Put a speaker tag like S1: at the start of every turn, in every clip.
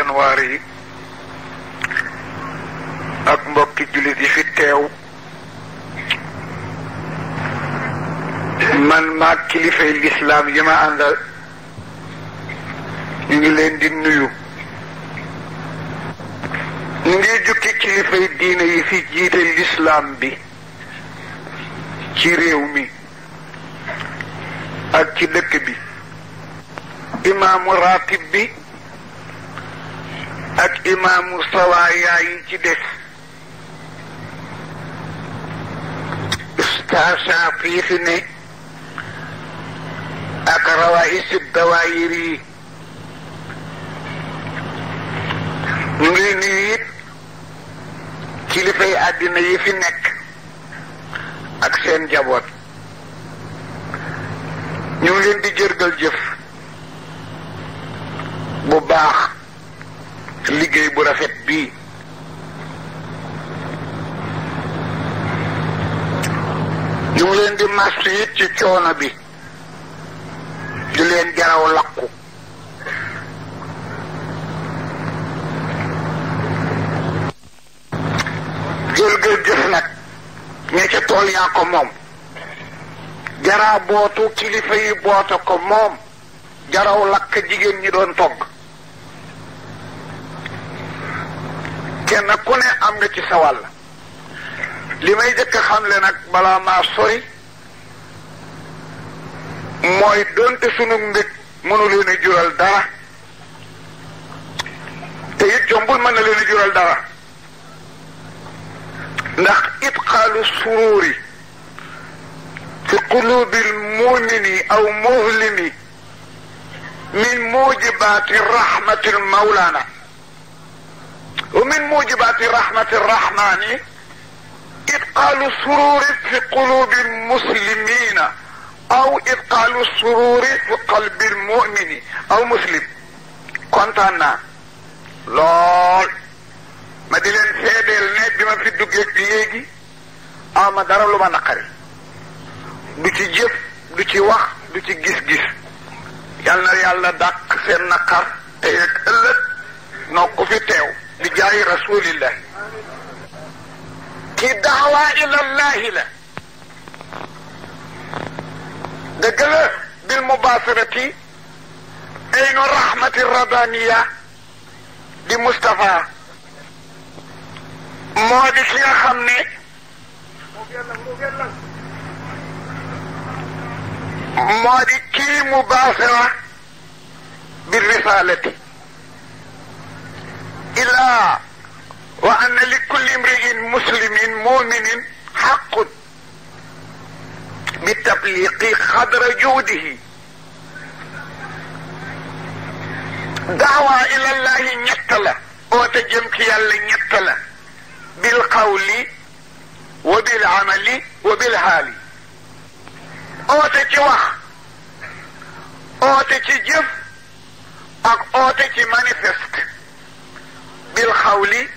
S1: janwaar yi ak mbokki jullit yi fi teew man maag kilifay lislaam yi ma àndal ñu ngi leen di nuyu ñu ngi jukki kilifay diine yi fi jiite lislaam bi ci réew mi ak ci lëkk bi imaamu ratib bi ak imaamu sawaayaa yi ci def istaashaaf yi fi ne ak rawaïs dawaayir yi ñu ngi ci li kilifay àddina yi fi nekk ak seen jaboot ñu leen di jërgal jëf bu baax liggéey bu rafet bii ñu ngi leen di mastu it ci coono bi di leen jaraw lakku jël gër jëf nag ña ca tool yaa ko moom jaraa bootu kilifa yi boota ko moom jaraw lakk jigéen ñi doon togg كنا كنا أمنا كي سوال لما يجب كخام لنك بلا ما سوري موي دونت سنو مبك منو لين جرال دارا تيجي جنبول من لين جرال دارا نخ إبقال سروري في قلوب المؤمن أو مهلمي من موجبات رحمة ومن موجبات رحمة الرحمن إدقال سرور في قلوب المسلمين أو إدقال سرور في قلب المؤمن أو مسلم كنت أنا لول ما دلين سيدل نيب بما في الدقيق بيجي أما آه، دارا لما نقري بيتي جيب بيتي وخ بيتي جيس جيس يالنا يالنا داك سيرنا كار تيك ألت نوكو في تيو بجاه رسول الله كي دعوة إلى الله له دقل بالمباشرة أين الرحمة الربانية لمصطفى ما بك يا خمي ما بك مباشرة بالرسالة دي. الله وأن لكل امرئ مسلم مؤمن حق بتبليغ قدر جهده دعوة إلى الله نتلا وتجمك يلا نتلا بالقول وبالعمل وبالحال أوتك وح أوتك جف أوتك مانيفست بالخول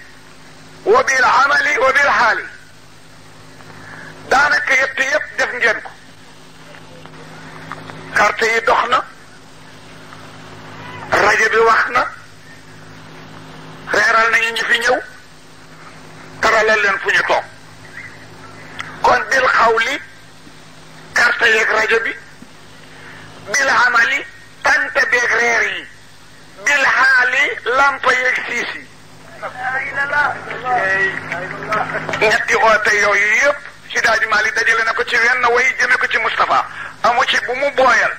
S1: وبالعمل وبالحال دانك يط يط دف نجنكو كارتي دخنا رجبي وخنا خيرال نيو نجي في نيو ترال لين فني تو كون بالخول كارتي يك رجبي بالعمل تنتبه غيري بالحال لامبا يك سيسي ñetti oote yooyu yëpp si daaji maali dajale na ko ci wenn way jëme ko ci Moustapha amu ci bu mu booyal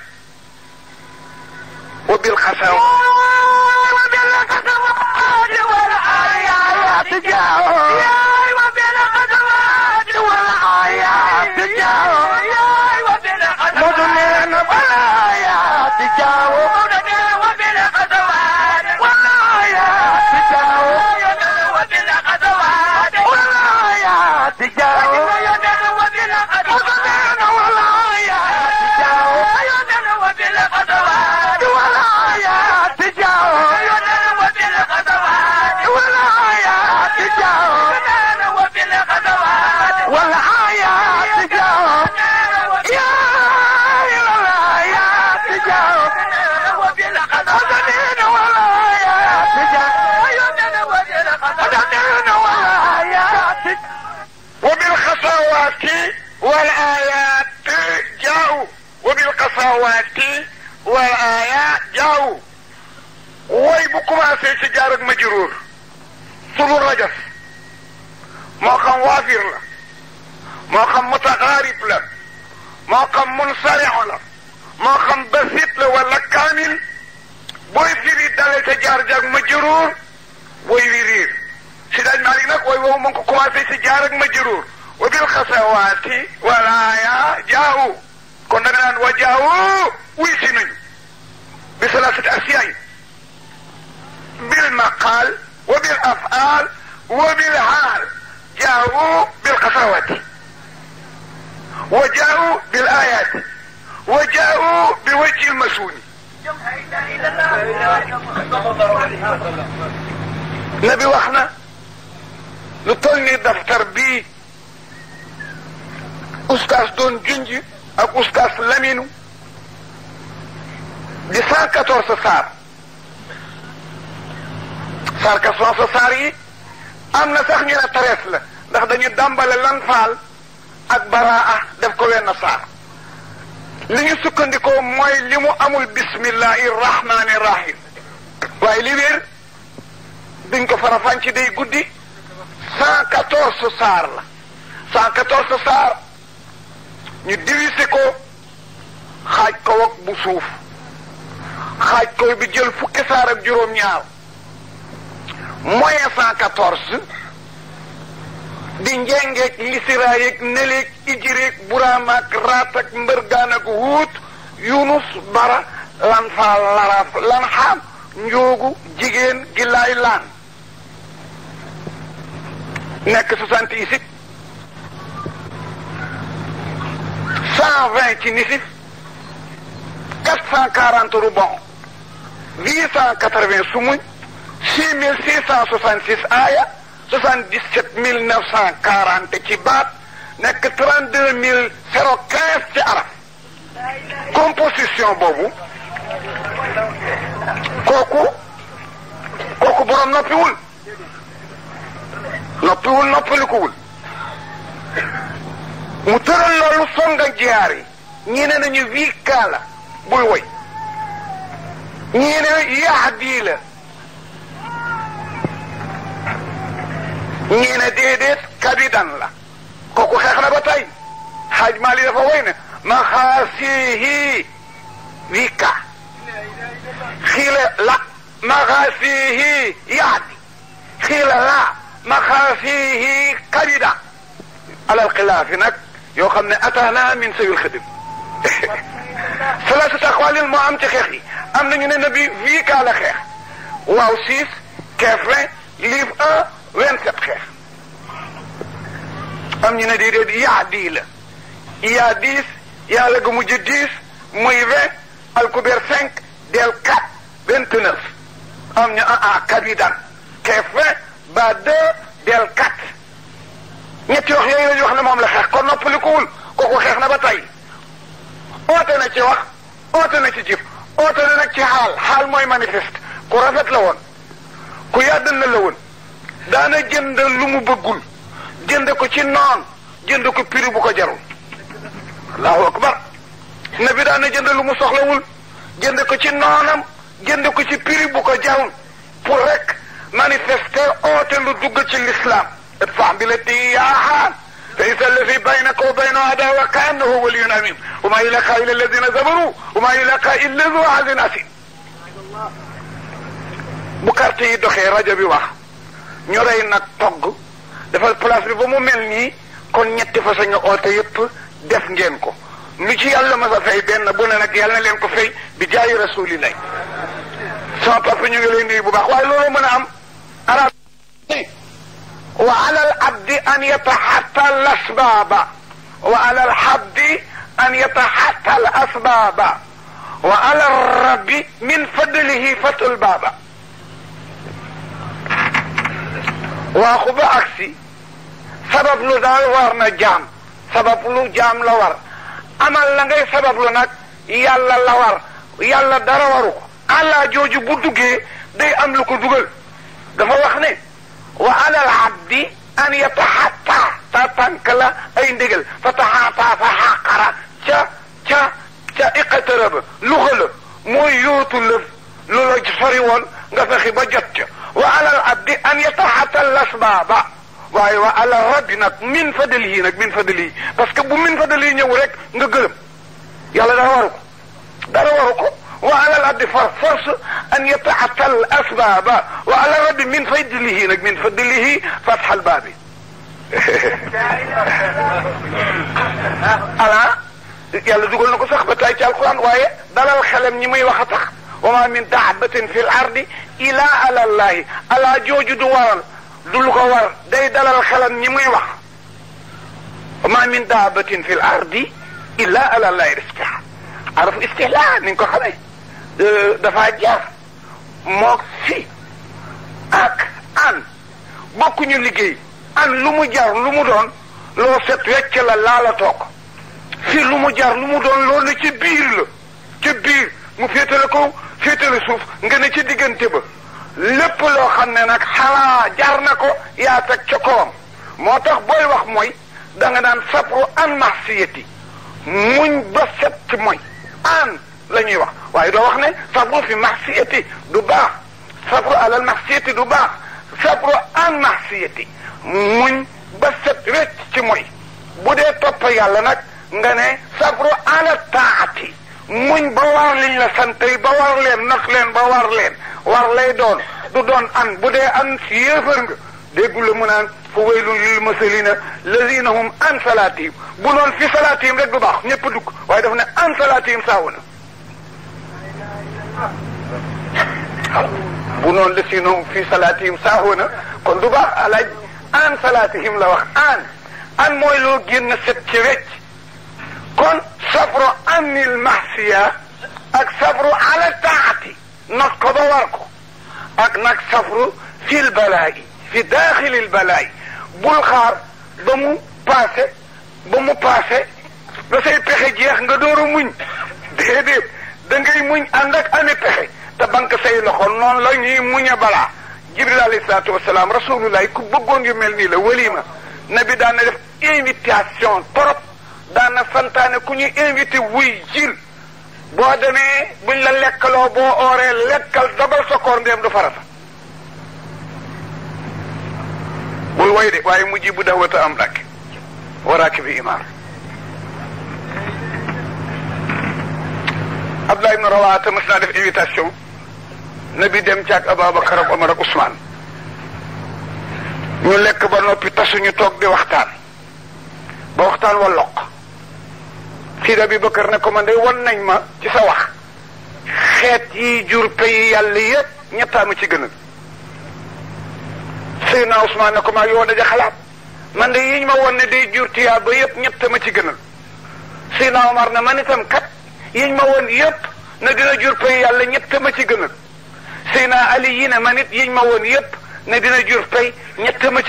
S1: wa bil xasaw wa bil xasaw والآيات جاءوا وبالقصوات والآيات جاءوا ويبقوا أسيس جارك مجرور سلو رجس مقام وافر له مقام متغارب له مقام منصرع له مقام بسيط له ولا كامل ويفيري دالي سجار جاك مجرور ويفيري سيداج مالي نك ويوه منكو كما سي سجارك مجرور القسوات والآية جاءوا كنا قلنا وجاءوا ويسنن بثلاثة أشياء بالمقال وبالأفعال وبالحال جاءوا بالقسوات وجاءوا بالآيات وجاءوا بوجه المسوني نبي وحنا نطلني دفتر بيه oustaz doon junj ak oustaz Laminu di cent quatorze saar saar quatorze saar yi am na sax ñu ne treize la ndax dañu dàmbale lan faal ak baraa def ko wenn saar li ñu sukkandikoo mooy li mu amul bismillahi rahmaani rahim waaye li wér duñ ko farafànc day guddi cent quatorze saar la cent quatorze saar ñu divisé ko xaaj ko wak bu suuf xaaj ko bi jël fukki saar ak juróom-ñaar moyen cent quatorze di njengeeg lisiraayeeg neleeg ijireeg buraamaak raataak mbërgaan ak wuut yunus bara lan faa laraaf lan xaam njoogu jigéen gi laay laan nekk 120 ci 440 Roubans, 880 Soumoui, 6666 aya, 77940 ci baat 32 015 ci arab composition boobu kooku kooku borom plus le noppalikuwul mu tëral loolu songa jihaar ñii ne nañu wii kaa la bul woy ñii ne yahdi la ñii ne déedéet kabidan la kooku xeex na ba tey xaaj maali dafa woy ne maxaasihi wii kaa xiila la maxaasihi yahdi xiila la maxaasihi kabida alal xilaafi nag يو خمنا اتانا من سي الخدم ثلاثه اخوال ما ام تخخي ام نبي في كالا خيخ واو سيس كفر ليف ا وين سب خيخ ام نيو ندي ردي يا ديلا يا ديس يا لغ مجديس موي و الكوبر 5 ديل 4 29 ام نيو بعد ديل 4 ñett wax yooyu la wax ne moom la xeex kon noppalikuwul kooku xeex na ba tey oote na ci wax oote na ci jëf oote na nag ci xaal xaal mooy manifeste ku rafet la woon ku yàddal na la woon daana jënd lu mu bëggul jënd ko ci noon jënd ko prix bu ko jarul allahu akbar nabi daana jënd lu mu soxlawul jënd ko ci noonam jënd ko ci prix bu ko jarul pour rek manifester oote lu dugg ci l'islam ادفع بلدي يا حال فإذا الذي بينك وبينه عداوة كأنه ولي أمين وما إليك إلا الذين زبروا وما إليك إلا ذو عز ناس بكرتي دخي رجب واخ نوري نك توغ دفال بلاس بي بومو ملني كون نيتي فاسا ني اوتا ييب ديف نين كو نيتي يالا ما فاي بن بون نك يالنا لين كو فاي بي جاي رسول الله سا باب نيغي لين دي بو باخ واي لولو مانا ام ارا وعلى العبد ان يتحتى الاسباب وعلى الحد ان يتحتى الاسباب وعلى الرب من فضله فتو الباب واخو عكسي سبب لو دال ورنا جام سبب لو جام لور اما لغاي سبب لو يلا يالا لور يالا دارا ورو الله جوجو بودوغي دي املك لوكو دوغل دا وعلى العبد ان يتحتى تتنكلا اين ندقل فتحاطى فحاقرا تشا تشا تشا اقترب لغل مو يوت اللف لولج فريول غفخي بجتش وعلى العبد ان يتحتى الاسباب واي وعلى الرب من فضله من فضله باسكو بو من فضله نيو رك نغلم يالا دا وارو دا وارو وعلى الأرض فرفرس أن يتعطل الأسباب وعلى الرد من فضله نك من فضله فتح الباب ألا يلا دوغل نكو سخ بتاي تي القران واي دالال خلم ني مي واخا وما من دعبه في الارض الا على الله الا جوجو دو وار دول كو وار داي دالال خلم ني مي واخ وما من دعبه في الارض الا على الله رزقها عرف استهلال نكو خلي Euh, dafa jar mook si ak an bokkuñu liggéey an lu mu jar lu mu doon loo set wecc la laala toog si lu mu jar lu mu doon loo ne ci biir la ci biir mu féetale kaw féetale suuf nga ne ci diggante ba lépp loo xam ne nag xalaa jar na ko yaa teg ca moo tax booy wax mooy danga nga naan sabru an maxsiyati muñ ba set mooy an lañuy wax waaye do wax ne sabru fi maxsiyati du baax sabru ala maxsiyati du baax sabru an maxsiyati muñ ba set wécc ci mooy bu dee topp yàlla nag nga ne sabru ala taati muñ ba war liñ la sant yi ba war leen not leen ba war leen war lay doon du doon an bu dee an si yéefar nga déggu lu mu naan fu waylu lil masalina lazina hum an salaatihim bu doon fi salaatihim rek du baax ñëpp dugg waaye daf ne an salaatihim saawu na bu noonu la siinoom fii salaatihim saahoona kon du baax alaaj aan salaatihim la wax aan an mooy loo génn set ci wecc kon safru anil mahsiya ak safru ala taati not ko ba war ko ak nag safru fil balaayi fi daaxilil balaayi bul xaar ba mu paase ba mu paase ba say pexe jeex nga door a muñ déedéet da ngay muñ ànd ak ame pexe te banque say loxo noonu la ñuy muñ a balaa jibril alayhi salaatu wasalaam rasulullah ku bëggoon yu mel nii la walima nabi daan na def invitation trop daan na santaane ku ñu invité wuy jil boo demee buñ la lekkaloo boo ooree lekkal dogal sa koor ndeem du farata bul way de waaye mujj bu dawata am dak waraaki bi imaam Abdoulaye ibn Rawaata mas naa def invitation na bi dem caag Ababakar ak Omar ak Ousmane ñu lekk ba noppi tasuñu toog di waxtaan ba waxtaan wa loq Sidi Abubakar ne ko man day wan nañ ma ci sa wax xeet yi jur pays yàlla yépp ñettaama ci gënal Seydina ne ko maa yow daje man de yiñ ma won ne day jur tiyaa ba ci gënal Seydina Omar ne man itam kat yiñ ma won yépp na dina jur pays yàlla ñett ma ci gënal سينا علي ين منيت ين مون يب ندينا جرتي نيت ما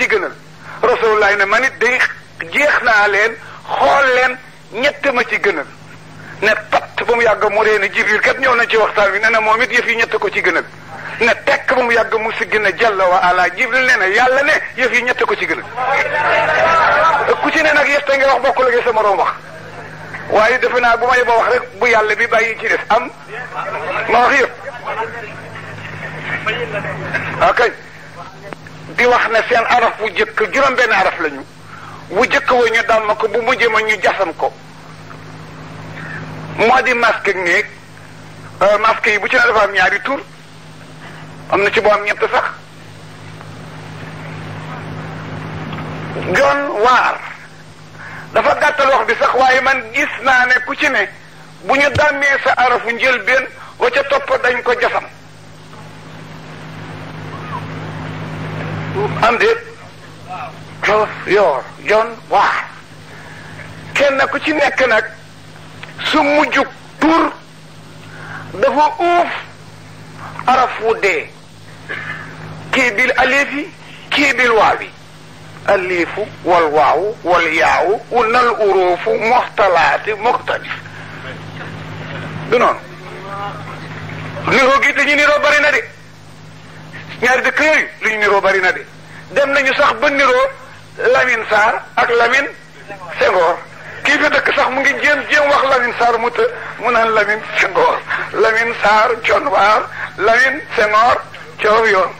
S1: رسول الله ين منيت دي جيخنا لين خول لين نيت ما تي بوم ياگ مورين جبريل كات نيو نتي وقتان وي نانا موميت يفي نيت كو تي گنل ن بوم ياگ موسى گنا جل و علا جبريل لين يالا ني يفي نيت كو تي گنل كو تي نانا يست نغي واخ بوكو لغي سما روم واخ waye defena buma yebo wax rek bu yalla bi ok di wax ne seen araf wu jëkk juróom-benn araf lañu wu jëkk wa ñu ko bu mujj ma ñu jasam ko moo di masque ak néeg euh, masque yi bu ci ne dafa am ñaari tur am na ci boo am ñett sax doon waar dafa gàttal wax bi sax waaye man gis naa ne ku ci ne bu ñu dàmmee sa arafu njëlbeen wa ca topp dañ ko jasam am Joof Yoor Jon Waar kenn ku ci nekk nag su mujjug tur dafa uuf araf wu dee alifi kii waawi alifu wal waawu wal yaawu wunal uruufu moxtalaati moxtalif du noonu niroo dañu niroo bari na ñaari dëkk yooyu ñu niroo bari na de dem nañu sax ba niroo Lamine Sarr ak Lamine sengor kii fi dëkk sax mu ngi jéem jéem wax Lamine Sarr mu të mu naan Lamine sengor Lamine Sarr John Waar Lamine sengor coow yoon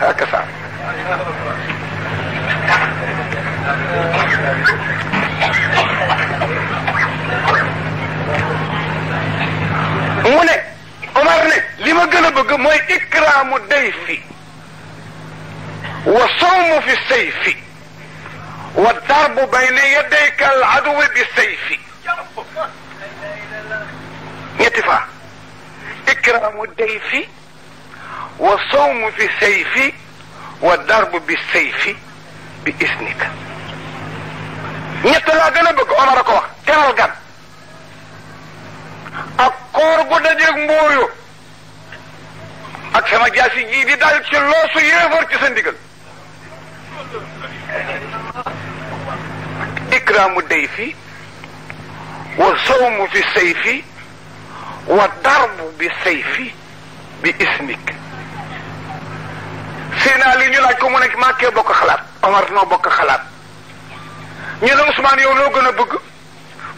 S1: ak Sarr mu ne لما قال بقى ما إكرام الضيف وصوم في السيف والضرب بين يديك العدو بالسيف يتفا إكرام الضيف وصوم في السيف والضرب بالسيف بإسنك نيتلا غنا بك عمر كو تيرال غان اكور غو دجي مبويو ak sama jaasi jii di dal ci loosu yéefar ci sa ndigal ikraamu day fi wa sawmu fi sayfi wa darbu bi sayfi bi ismik seenaa li ñu laaj ko mu nekk màkkee bokk xalaat omar noo bokk xalaat ñu ne Ousmane yow loo gën a bëgg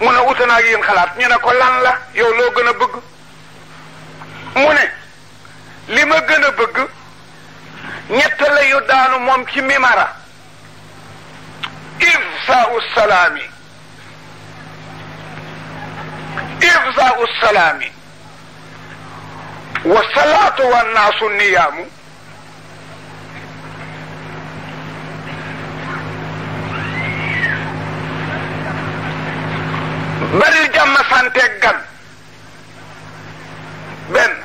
S1: mu ne uta naa ak yéen xalaat ñu ne ko lan la yow loo gën a bëgg mu ne li ma gën a bëgg ñett la yu daanu moom ci mimara ifsaau salaami ifsaau salaami wa salaatu wa naasu niyaamu bari jàmm santeeg gan benn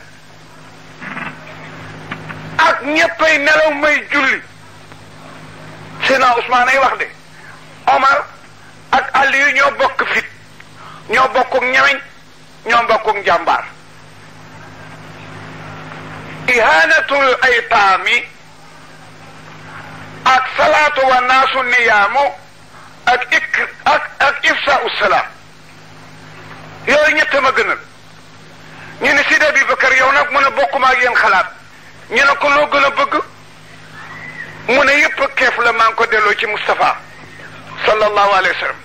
S1: ak ñëppay nelaw may julli Seydina Ousmane ay wax de Omar ak Aliyu ñoo bokk fit ñoo bokkuk ñameñ ñoo bokkuk njàmbaar ihaanatul aytaami ak salaatu wa naasu niyaamu ak ik ak ak ifsa usalaam yooyu ñett ma gënal ñu ni Sidi Abubakar yow nag mën a bokkuma ak xalaat ñu ko loo gën a bëgg mu ne yëpp keef la maa ngi ko delloo ci mustafa sallallahu alayhi wa sallam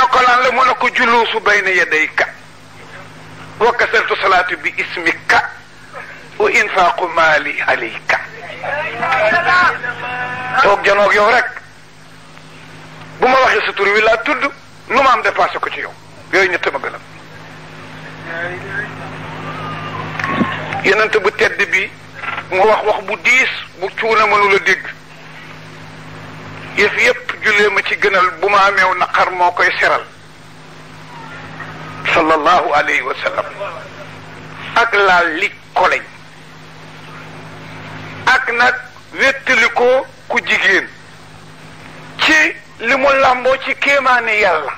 S1: ñu ko lan la mu ne ko juluusu bayna yadayka wa kasartu salaatu bi ismika wa infaaqu maali alayka toog janoog yow rek bu ma waxee sa tur wi laa tudd lu ma am dépassé ko ci yow yooyu ñett ma gën a yonent bu tedd bi mu wax wax bu diis bu cuuna mënu la dégg yëf yépp jullee ma ci gënal bu ma amew naqar moo koy seral sallallahu alayhi wa sallam ak laal li koleñ ak nag wéttali ko ku jigéen ci li mu làmboo ci kéemaane yàlla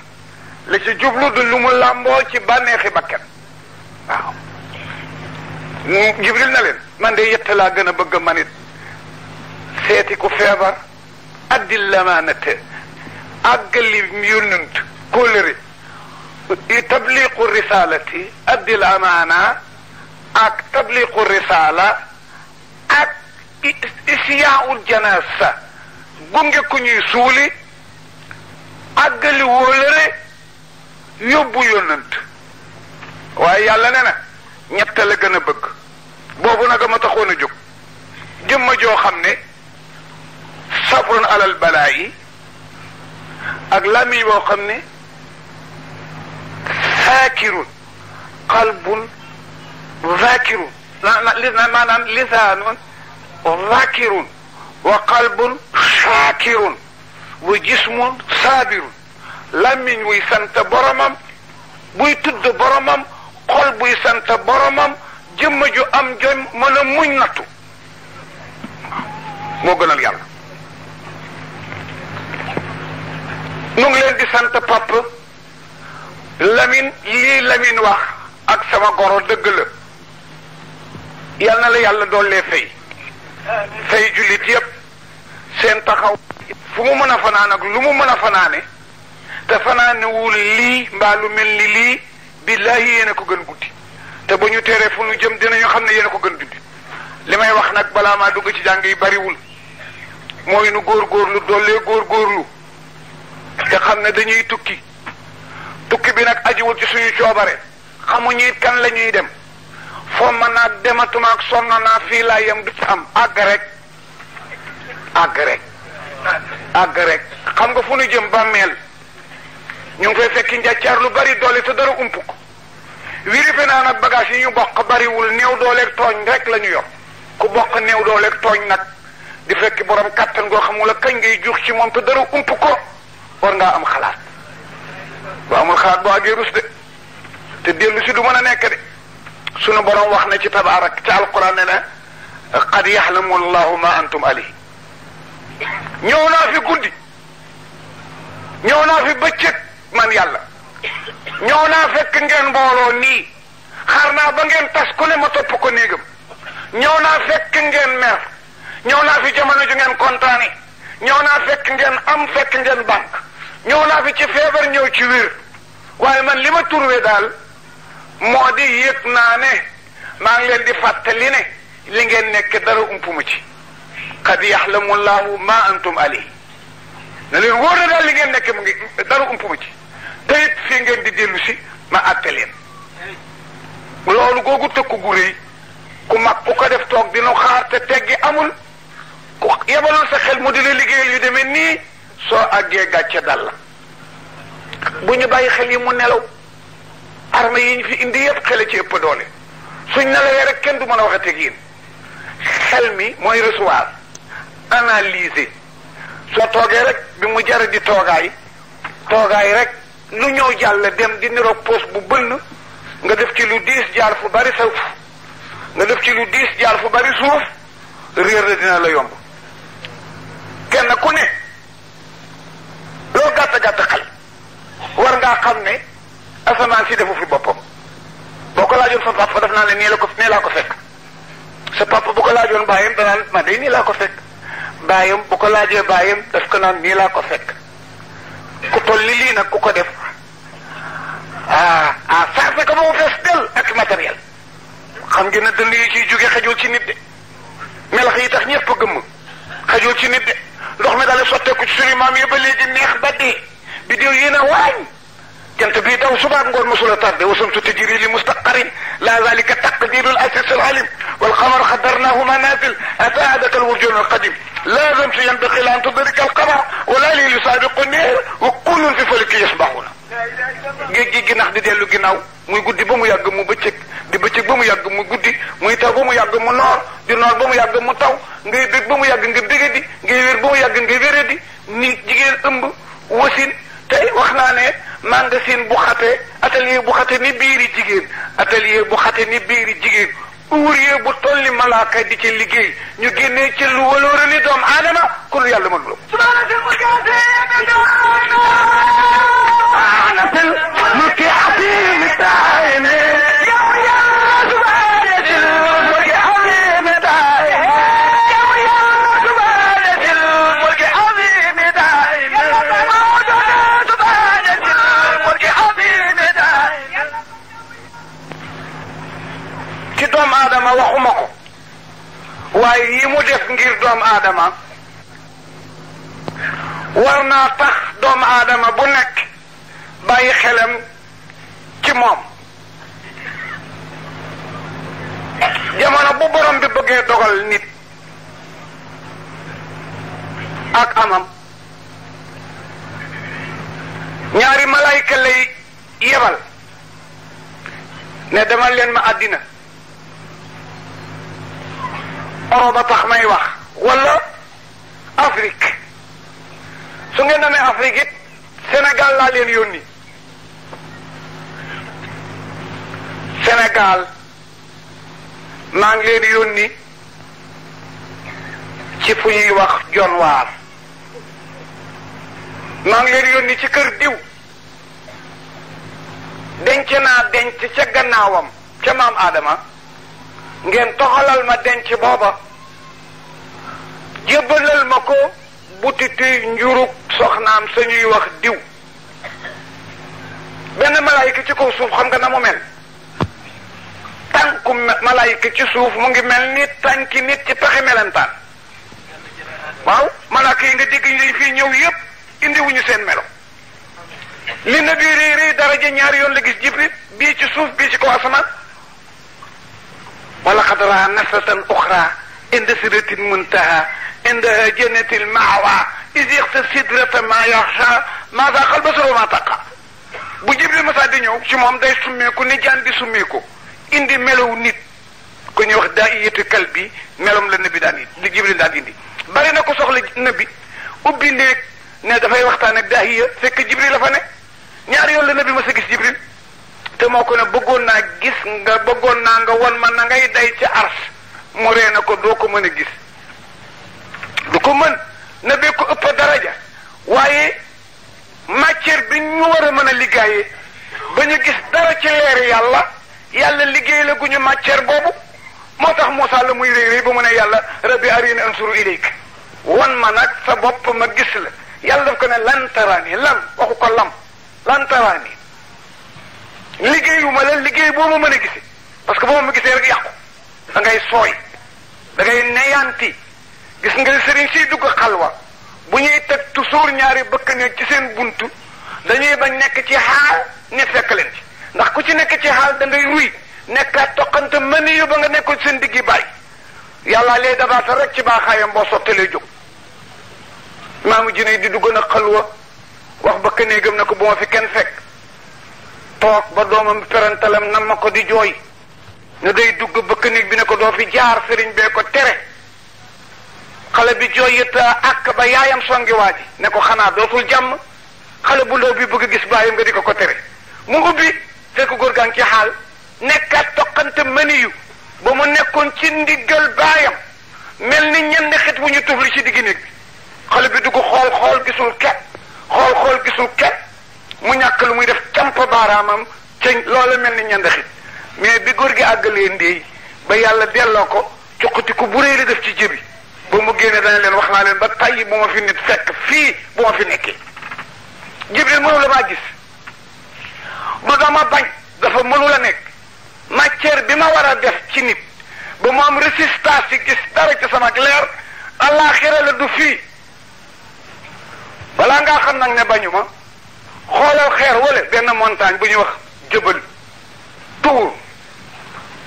S1: la ci jublu du lu mu làmboo ci bànneexi bakkan waaw jibril na leen man de yett laa gën a bëgg a manit seeti ku feebar addil lamaanate àggali yónnent kóllëre tabliqu risalati addil amaana ak tabliqu risala ak isiyaaul janaasa gunge ku ñuy suuli àggali wóolëre yóbbu yónnent waaye yàlla ne na ñett la gën a bëgg boobu nag ma taxoon a jóg jëmma joo xam ne sabrun alal balaa yi ak lami boo xam ne saakirun qalbun zakirun maanaam lisaanun zakirun wa qalbun shaakirun wa jismun saabirun lamiñ wuy sant boromam buy tudd boromam xol buy sant boromam jëmm ju am jom mën a muñ nattu moo gënal yàlla nu ngi leen di sant pàpp Lamine lii Lamine wax ak sama goro dëgg la yal na la yàlla doollee fay fay jullit yépp seen taxaw fu mu mën a fanaan ak lu mu mën a fanaane te fanaanewul lii mbaa lu mel ni lii billaahi yéen a ko gën guddi te bu ñu teree fu ñu jëm dinañu xam ne yéen ko gën guddi li may wax nag balaa maa dugg ci jàng yi bariwul mooy nu góorgóorlu dollee góorlu te xam ne dañuy tukki tukki bi nag ajiwul ci suñu coobare xamuñu kan la ñuy dem fomm naa dematuma ak sonn naa fii laa yem du ci am àgg rek àgg rek àgg rek xam nga fu ñu jëm bàmmeel ñu ngi fay fekk njàccaar lu bari doole te dara ump ko vérifié naa nag bagage yi ñu bokk bariwul néew dooleeg tooñ rek la ñu yor ku bokk néew dooleeg tooñ nag di fekk borom kàttan goo xamul ak kañ ngay juux ci moom te dara ump ko war ngaa am xalaat ba amul xalaat boo àggee rus de te dellu si du mën a nekk de sunu borom wax na ci tabaarak ci alquran ne na qad yaxlamu allahu ma antum alayhi ñëw naa fi guddi ñëw naa fi bëccëg man yàlla ñoo naa fekk ngeen mbooloo nii xaar naa ba ngeen tas ku ne ma topp ko néegam ñoo naa fekk ngeen mer ñoo naa fi jamono ju ngeen kontaane ñoo naa fekk ngeen am fekk ngeen banque ñoo naa fi ci feebar ñëw ci wiir waaye man li ma turwe daal moo di yëg naa ne maa ngi leen di fàttali ne li ngeen nekk dara umpuma ci qad yaxlamu llahu antum alayhi na leen wóor na daal li ngeen nekk mu ngi dara ump ma ci te it fii ngeen di dellu si ma àtte leen loolu googu tëkku gu rëy ku mag ku ko def toog dina xaar te teggi amul ku yebaloon sa xel mu di la liggéeyal yu demee nii soo àggee gàcce dal la bu ñu bàyyi xel yi mu nelaw arme yi ñu fi indi yëpp xele ci ëpp doole suñ nelawee rek kenn du mën a waxateeg yéen xel mi mooy recevoir analyser soo toogee rek bi mu jar di toogaay toogaay rek lu ñëw jàll dem di niroog poos bu bënn nga def ci lu diis jaar fu bari suuf nga def ci lu diis jaar fu bari suuf réer la dina la yomb kenn ku ne loo gàtt gàtt xal war ngaa xam ne asamaan si defu fi boppam boo ko laajoon sa papa daf naa ne nii la ko nii laa ko fekk sa papa bu ko laajoon bàyyam danaan ma day nii laa ko fekk baayam bu ko laajee baayam daf ko naan nii laa ko fekk ku toll lii nag ku ko def ah ah chargé ko ba fees del ak matériel xam ngeen ne dënd yi ciy jóge xajul ci nit de melax yi tax ñëpp gëmm xajul ci nit de ndox mi daal di sotteeku ci suñu maam yi ba léegi neex ba dee bi diw yi na waañ جنت بي داو سبا نقول مسولة تابي وسمت تجري لمستقر لا ذلك تقدير الأساس العليم والقمر قدرناه منازل أساعدك الوجود القديم لا ذمت ينبغي تدرك القمر ولا لي يسابق النيل وكل في فلك يسبحون جي جي جناح دي ديالو جناو موي قدي بمو يقم بچك دي بچك بمو يقم مو موي تاو بمو يقم نار دي نار بمو يقم تاو نجي بيك بمو يقم نجي بيك دي نجي بمو يقم نجي بيك دي نجي جي أمب وسين تاي وخنا نيه magasin bu xate atelier bu xate ni biiri jigéen atelier bu xate ni biiri jigéen ouvrier bu toll ni malaaka di ci liggéey ñu génnee ci lu waloora doom aadama ku dul yàlla mën loo subhaana waaye yi mu def ngir doomu aadama war naa tax doomu aadama bu nekk bàyyi xelam ci moom jamono bu borom bi bëggee dogal nit ak amam ñaari malayka lay yebal ne demal leen ma àddina Europe a tax may wax wala Afrique su ngeen demee Afrique it Sénégal laa leen yónni Sénégal maa ngi leen yónni ci fu ñuy wax jonwaar maa ngi leen yónni ci kër diw denc naa denc ca gannaawam ca maam aadama ngeen toxalal ma denc booba jébbalal ma ko butituy njurug soxnaam sañuy wax diw benn malaayika ci kaw suuf xam nga na mu mel tànku malaayika ci suuf mu ngi mel ni tànki nit ci pexe melentaan waaw malaaka yi nga dégg ñu dañ ñëw yépp indiwuñu seen melo li na bi réy réy daraja ñaari yoon la gis jibril bii ci suuf bii ci kaw asamaan wala xadaraa nasratan uxra عند سدرة المنتهى عندها جنة المأوى إذ يغشى السدرة ما يغشى ما ذاق البصر وما تقى bu jibril masa di ñëw ci moom day summeeku ni jaan bi summeeku indi melow nit ku ñuy wax daa iyatu kal bi melom la nabi daan indi jibril daan indi bari na ko soxla nabi ubbi néeg ne dafay waxtaan ak daahiya fekk jibril la fa ne ñaar yoon la nabi ma sa gis jibril te moo ko ne bëggoon naa gis nga bëggoon naa nga won ma na ngay day ci ars mu ree na ko doo ko mën a gis du ko mën na bee ko ëpp daraja waaye matière bi ñu war a mën a liggéeyee ba ñu gis dara ci leer yàlla yàlla liggéey la gu ñu matière boobu moo tax Moussa la muy réy réy ba mu ne yàlla rabbi arini ansuru ilayka wan ma nag sa bopp ma gis la yàlla daf ko ne lan taraani lan waxu ko lam lan taraani liggéeyuma la liggéey boo ma mën a gise parce que boo ma gisee rek yàqu da ngay sooy da ngay neyanti gis nga sëriñ siy dugg xalwa bu ñuy teg toujours ñaari bëkk ne ci seen buntu dañuy bañ nekk ci xaal ne fekk leen ci ndax ku ci nekk ci xaal da ngay ruy nekkaat toqante mën yu ba nga nekkoon seen diggi bàyyi yàlla lay dabaata rek ci baaxaayam boo sottelee jóg maamu jinne di dugg na xalwa wax bëkk gëm na ko bu ma fi kenn fekk toog ba doomam perantalam nam ma ko di jooy ne day dugg bëkk néeg bi ne ko doo fi jaar sëriñ bee ko tere xale bi jooyit ak euh, ba yaayam songi waa ji ne ko xanaa dootul jàmm xale bu loo bi bëgg gis baayam nga di ko ko tere mu ubbi fekk góor gaa ngi ci xaal nekkaat toqante mëniyu ba mu nekkoon ci ndiggal baayam mel ni ñenn xit wu ñu tufli ci digg néeg xale bi dugg xool xool gisul ket xool xool gisul ket mu ñàkk lu muy def camp baaraamam ca loola mel ni ñenn xit mais bi góor gi àgg àggalee ndéey ba yàlla delloo ko cuqati ko bu réy la def ci jëbi ba mu génne dañ leen wax naa leen ba tàyyi bu ma fi nit fekk fii bu ma fi nekkee jibril mënu la maa gis du ma bañ dafa mënu la nekk matière bi ma war a def ci nit ba mu am résistance gis dara ci sama leer àllaaxira la du fii balaa ngaa xam nag ne bañu ma xoolal xeer wala benn montagne bu ñuy wax jëbal tuur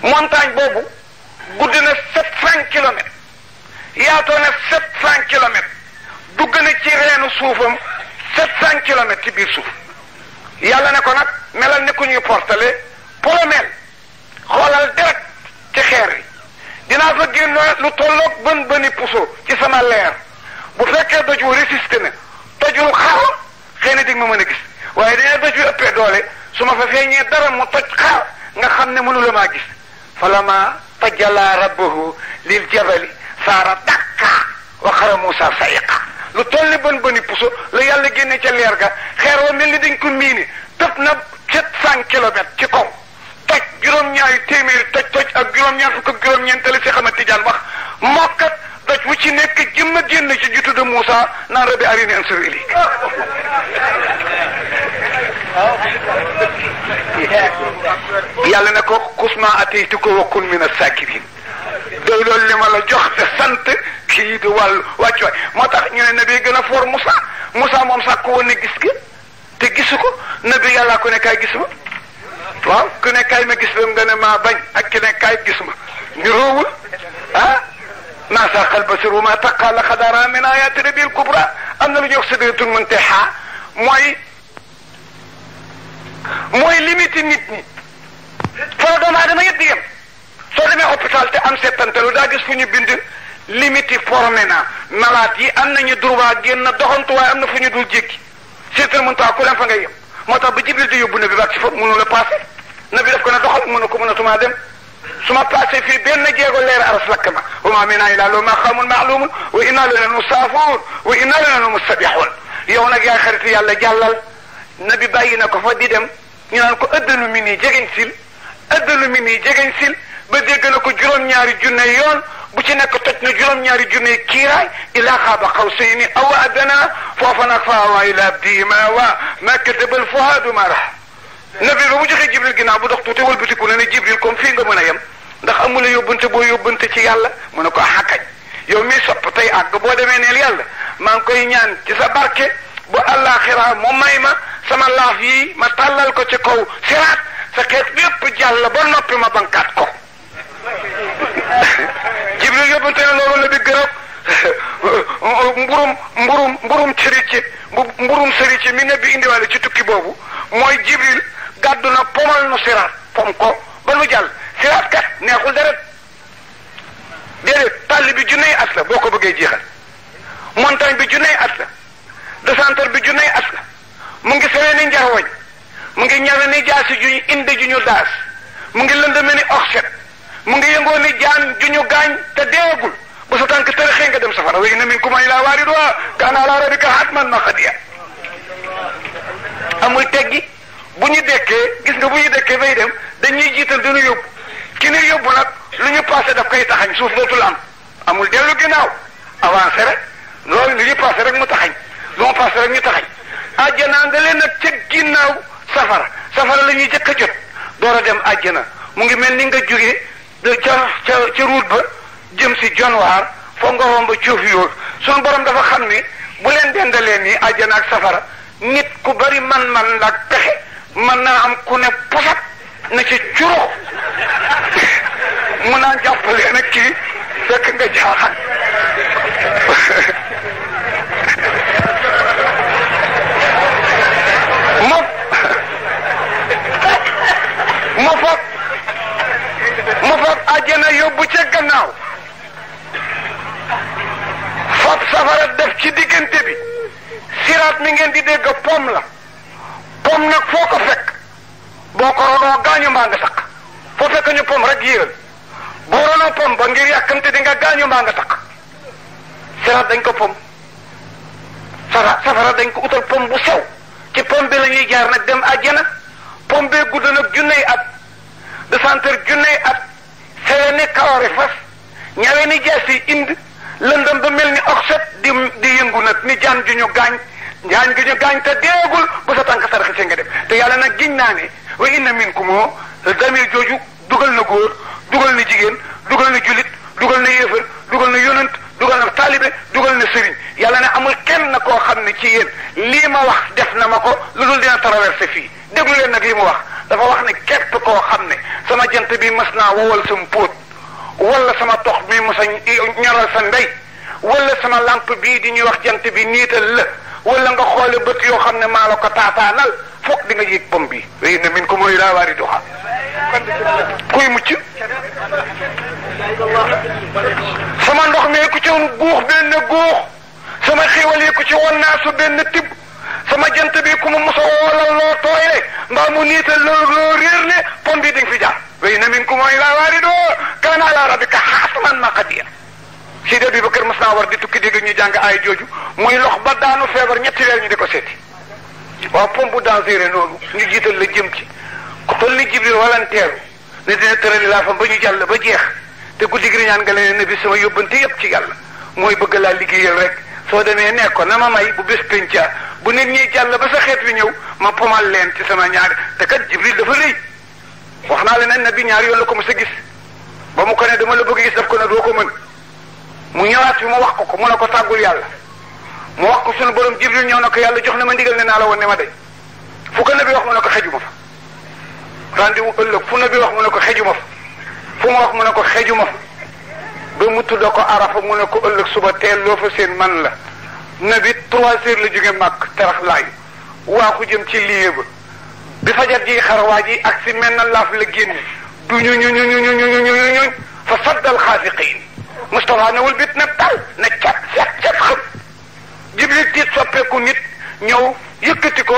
S1: montagne boobu gudd na sept cent kilomètres yaatoo na sept cent kilomètres dugg na ci reenu suufam sept cent kilomètres ci biir suuf yàlla ne ko nag melal ne ku ñuy portale poromeel xoolal direct ci xeer yi dinaa fa génn lu tolloog bën bëni puso ci sama leer bu fekkee doj wu résisté na tojul xaar xëy na dig ma mën a gis waaye dañoo doj wu ëppee doole su ma fa feeñee dara mu toj xaar nga xam ne mënu la maa gis فلما تجلى ربه للجبل صار دكا وخر موسى سيقا lu tolli bën bëni puso la yàlla génne ca leer ga xeer wa mel ni dañ ko miine tëb na sept cent kilomètres ci kaw toj juróom-ñaari téeméeri toj toj ak juróom-ñaar fukk ak juróom-ñeent la si xamante Tijaan wax mokkat doj wu ci nekk jëm a génn ci ju tudd Moussa naan rabbi arini ansur yàlla ne ko xusma ataytu ko wa kun min li ma la jox sant kii di wàllu wàccu waay moo tax ñu ne nabi gën a foor Moussa Moussa moom sax ko woon ne gis ki te gisu ko nabi yàlla ku ne kaay gis ma waaw ku ne kaay ma gis la nga ne maa bañ ak ki ne kaay gis ma ñu roowul ah ما ساق البشر وما تقى لقد أرى من آيات ربي الكبرى أن الجوخ سدرة منتحة موي موي ليميت نتني فرضا ما دم يديم فرضا ما أوبسال تأم سيطان تلو داقس فيني بند ليميت فورمنا ملاتي أن ندروا جينا دخون توا أم نفيني دول جيكي سيطان منتحة كلام فنغيم موتا بجيب لدي يبون ببعك سفر منو لباسي نبي دفكنا دخون منو كمنا تما دم سما باسي في بين جيغو لير ارسلكما وما منا الى لو ما خام معلوم وانا لنا المصافون وانا لنا المستبحون يونا يا خرتي يالا جلال نبي باينا كو فدي دم نان كو ادلو ميني جيغن سيل ادلو ميني جيغن سيل با ديغنا كو جيروم نياري جونن يون بو سي نك توت نو نياري جونن كيراي الى خاب قوسين او ادنا فوفنا فاوا الى ديما ما كتب الفؤاد ما nabi ba bu joxee jibril ginnaaw bu dox tuuti wëlbatiku ne ne jibril comme fii nga mën a yem ndax amula yóbbante boo yóbbante ci yàlla mu ne ko xàkkañ ah yow mi sopp tey àgg boo demee neel yàlla maa ngi koy ñaan ci sa barke bu àllaaxira mu may ma sama laaf yi ma tàllal ko ci kaw siraat sa xeet yépp jàll ba noppi ma bankaat ko jibril yóbbante ne loolu la bi gërëm mburum mburum mburum sërici mburum sërici mi ne bi indiwaale ci tukki boobu mooy jibril gàddu na pomal nu siraat pom ko ba nu jàll siraat kat neexul deret déedéet tàlli bi junney at la boo ko bëggee jeexal montagne bi junney at la desanteur bi junney at la mu ngi sewee ni njarwañ mu ngi ñawe ni jaasi ju ñu ju ñu daas mu ngi lëndëme ni oxset mu ngi yëngoo ni jaan ju ñu gaañ te deewagul ba sa tànk tërëxee nga dem safara way na min ku may laa waaridu kaana alaa rabbika hatman maqdiya amul teggi bu ñu dekkee gis nga bu ñu dekkee bay dem dañuy jiital duñu yóbbu ki ñu yóbbu nag lu ñu passé daf koy taxañ suuf dootul am amul dellu ginnaaw avancé rek loolu lu ñu passé rek mu taxañ lu mu passé rek ñu taxañ àjjana nga leen nag ca ginnaaw safara safara la ñuy jëkk a jot door a dem àjjana mu ngi mel ni nga jógee ca ca ca ba jëm si janwaar foog nga romb coof yooyu suñu borom dafa xam ni bu leen dendalee nii àjjana ak safara nit ku bari man-man laa pexe mën naa am ku ne posat na ci curux mun naa jàppale nag kii fekk nga jaaxal ma ma foog ma foog àjjana yóbbu ca gannaaw foog safara def ci diggante bi siraat mi ngeen di dégg pom la pom nak foko fek fekk boo ko ronoo gaañu nga tak fo fek ñu pom rek yéeral boo ronoo pom ba ngir yàkkamte di nga gañu ma nga tak dañ ko pom sara safara dañ ko utal pom bu sew ci pom bi lañuy jaar nak dem aljana pom be guddu nak junay at santer junay at sere ni kawari fas ñawé ni jassi ind lëndam ba melni ni oxet di di yëngu nak ni jaan ju ñu gaañ gi ñu gaañ te deegul bu sa tànk sarax si nga dem te yàlla nag giñ naa ne wa inna minkum damir jooju dugal na góor dugal na jigéen dugal na julit dugal na yéefar dugal na yonant dugal na taalibe dugal na sëriñ yàlla ne amul kenn na koo xam ne ci yéen lii ma wax def na ma ko lu dul dina traversé fii déglu leen nag li mu wax dafa wax ne képp koo xam ne sama jant bii mas naa wowal sama póot wala sama tox mi mas a ñoral sa ndey walla sama lampe bii di ñuy wax jant bi niital la wala nga xoole bët yoo xam ne maa la ko taataanal foog di nga yëg pom bi rëy na min ko mooy laa waari doxa kuy mucc sama ndox mee ku ci guux benn guux sama xéwal yi ku ci won naa su benn tib sama jant bi ku mu mosa wala loo tooyle mbaa mu niital loo loo réer ne pom bi di nga fi jaar rëy na min ko mooy laa waari doo kaana laa rabbika xaasman maqadiya si ba Abubakar mas naa war di tukki dégg ñu jàng ay jooju muy lox ba daanu feebar ñetti weer ñu di ko seeti waaw pompe bu dangereux noonu ñu jiital la jëm ci ku toll ni Jibril volontaire ne dina tërali laa fam ba ñu jàll ba jeex te guddi gi ñaan nga leen ne bi sama yóbbante yépp ci yàlla mooy bëgg laa liggéeyal rek soo demee nekk ko na ma may bu bés pencaa bu ne ñi jàll ba sa xeet wi ñëw ma pomal leen ci sama ñaar te kat Jibril dafa rëy wax naa leen ne nabi ñaar yoon la gis ba ko ne dama la bëgg gis daf ko ne doo ko mën. mu ñëwaat fi mu wax ko ko mu ne ko tàggul yàlla mu wax ko sunu borom jibril ñëw na ko yàlla jox na ma ndigal ne naa la woon ne ma dañ fu ko nabi wax mu ne ko xeju ma fa rendez-vous ëllëg fu nabi wax mu ne ko xeju ma fa fu mu wax mu ne ko xeju ma fa ba mu tudda ko arafa mu ne ko ëllëg suba teel loo fa seen man la nabi trois heures la jóge màkk tarax laay waa ku jëm ci lieu ba bi fajar ji xarawaa ji ak si mel na laaf la génn du ñu ñu ñu ñu ñu ñu ñu ñu fa saddal xaafiqiin مش طبعا نقول بيت نبتل نكر فيك تدخل جبريل تيت سوبيكو نيت نيو يكتكو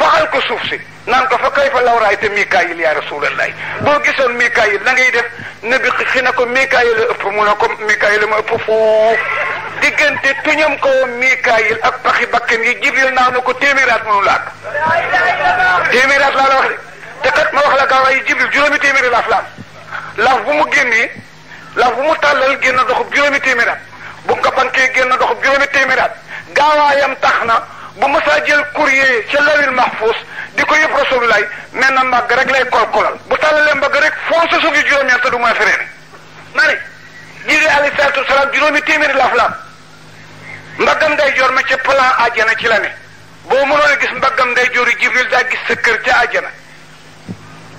S1: فعل كو سوفسي نانكو فكيف لو رايت ميكايل يا رسول الله بو جيسون ميكايل نانجي ديف نبي خيناكو ميكايل افرمونكو ميكايل ما افوفوف ديجنتي تنيم كو ميكايل اك بخي بكين يجيبيل نانكو تيميرات منولاك تيميرات لا لا وخلي تكت ما وخلاك جبريل جرومي تيميري الافلام لا فمو جيني la fu mu tàllal génn doxub juróomi téeméer at bu nga bankee génn doxub juróomi téeméer at gaawaayam tax na bu mësaa jël courrier ca lawil mahfous di ko yëpp rasululay mel na mbàgg rek lay kolkolal bu tàllalee mbàgg rek fonce suuf yi juróom ñett du mën a feree ma ne jibril alayhi salaatu wasalaam juróomi téeméeri laaf la mbaggam day joor ma ca plan àjjana ci la ne boo mënoon gis mbaggam day joori jibril daa gis sa kër ca àjjana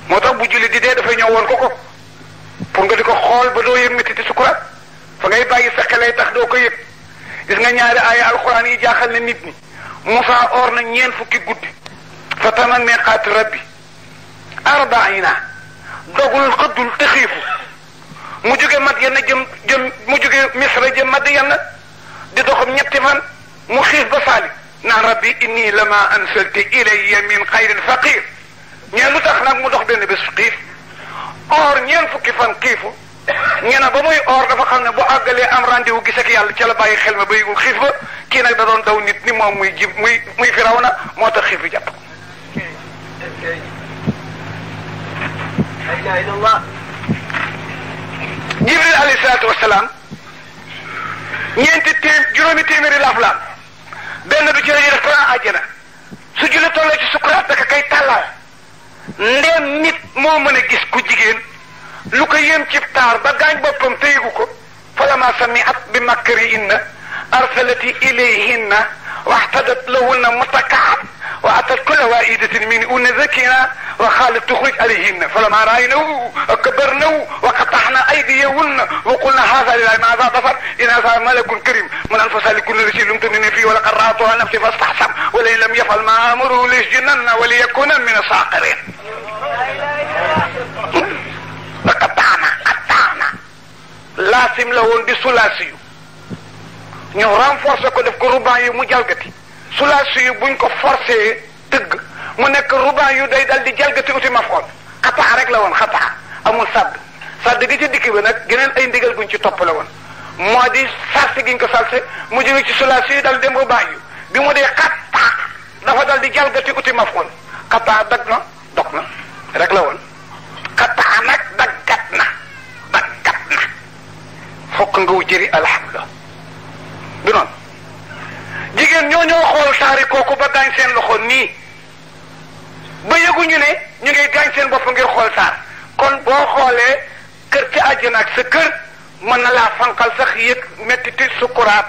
S1: moo tax bu julli di dee dafay ñëw woon ko ko pour nga diko xol ba do yëg ci sukura fa ngay bàyyi sa xel tax do ko yek gis nga ñaari ay alquran yi jaxal na nit ñi musa or na ñeen fukki guddi fa taman ne xaati rabbi arbaina dogul qadul takhifu mu jóge mat yena jëm jëm mu jóge misra jëm mat yena di doxam ñetti fan mu xif ba saali na rabbi inni lama ansalti ilayya min xayrin faqir ñeen lutax nak mu dox ben bés xif or ñeent fukki fan xiifu ñu ba muy or dafa xam ne bu àggalee am rendez-vous gis ak yàlla ca la xel ma ba yëgul xiif ba kii nag da doon daw nit ni moom muy jib muy muy firaw na moo tax xiif bi jàpp ko. jibril alayhi salaatu wasalaam ñeenti juróomi téeméeri laaf laam benn du ci la ñuy def su julli tolloo ci sukuraat daka kay tàllal. ndéem nit moo mën a gis ku jigéen lu ko yéem ci taar ba gaañ boppam te yëgu ko fa la maa sami at bi makkari inna ارسلت اليهن واحتدت لهن متكعا واتت كل وائدة من ذكنا وخالت تخرج عليهن فلما راينه كبرنه وقطعنا ايديهن وقلنا هذا لله ما هذا بصر ان هذا ملك كريم من انفسها لكل شيء لم تمني فيه ولقد راتها نفسي فاستحسن ولئن لم يفعل ما امره ليسجنن وليكون من الصاقرين لقطعنا قطعنا لازم لهون بثلاثي ñëw renforcer ko def ko ruban yu mu jalgati sulaasu yu buñ ko forcé dëgg mu nekk ruban yu day dal di jalgati uti maf'ul xataa rek la woon xataa amul sàdd sàdd gi ci dikk bi nag geneen ay ndigal guñ ci topp la woon moo di sarse giñ ko sarse mu jóge ci sulaasu yu dal dem ruban yu bi mu dee xataa dafa dal di jalgati uti maf'ul xataa dagg na dog na rek la woon xataa nag daggat na daggat na fokk nga wu jëri alhamdulilah du noonu jigéen ñoo ñoo xool saari kooku ba gaañ seen loxo nii ba yëguñu ne ñu ngay gaañ seen bopp ngir xool saar kon boo xoolee kër ci àjjana ak sa kër mën na laa fanqal sax yëg mettiti sukuraat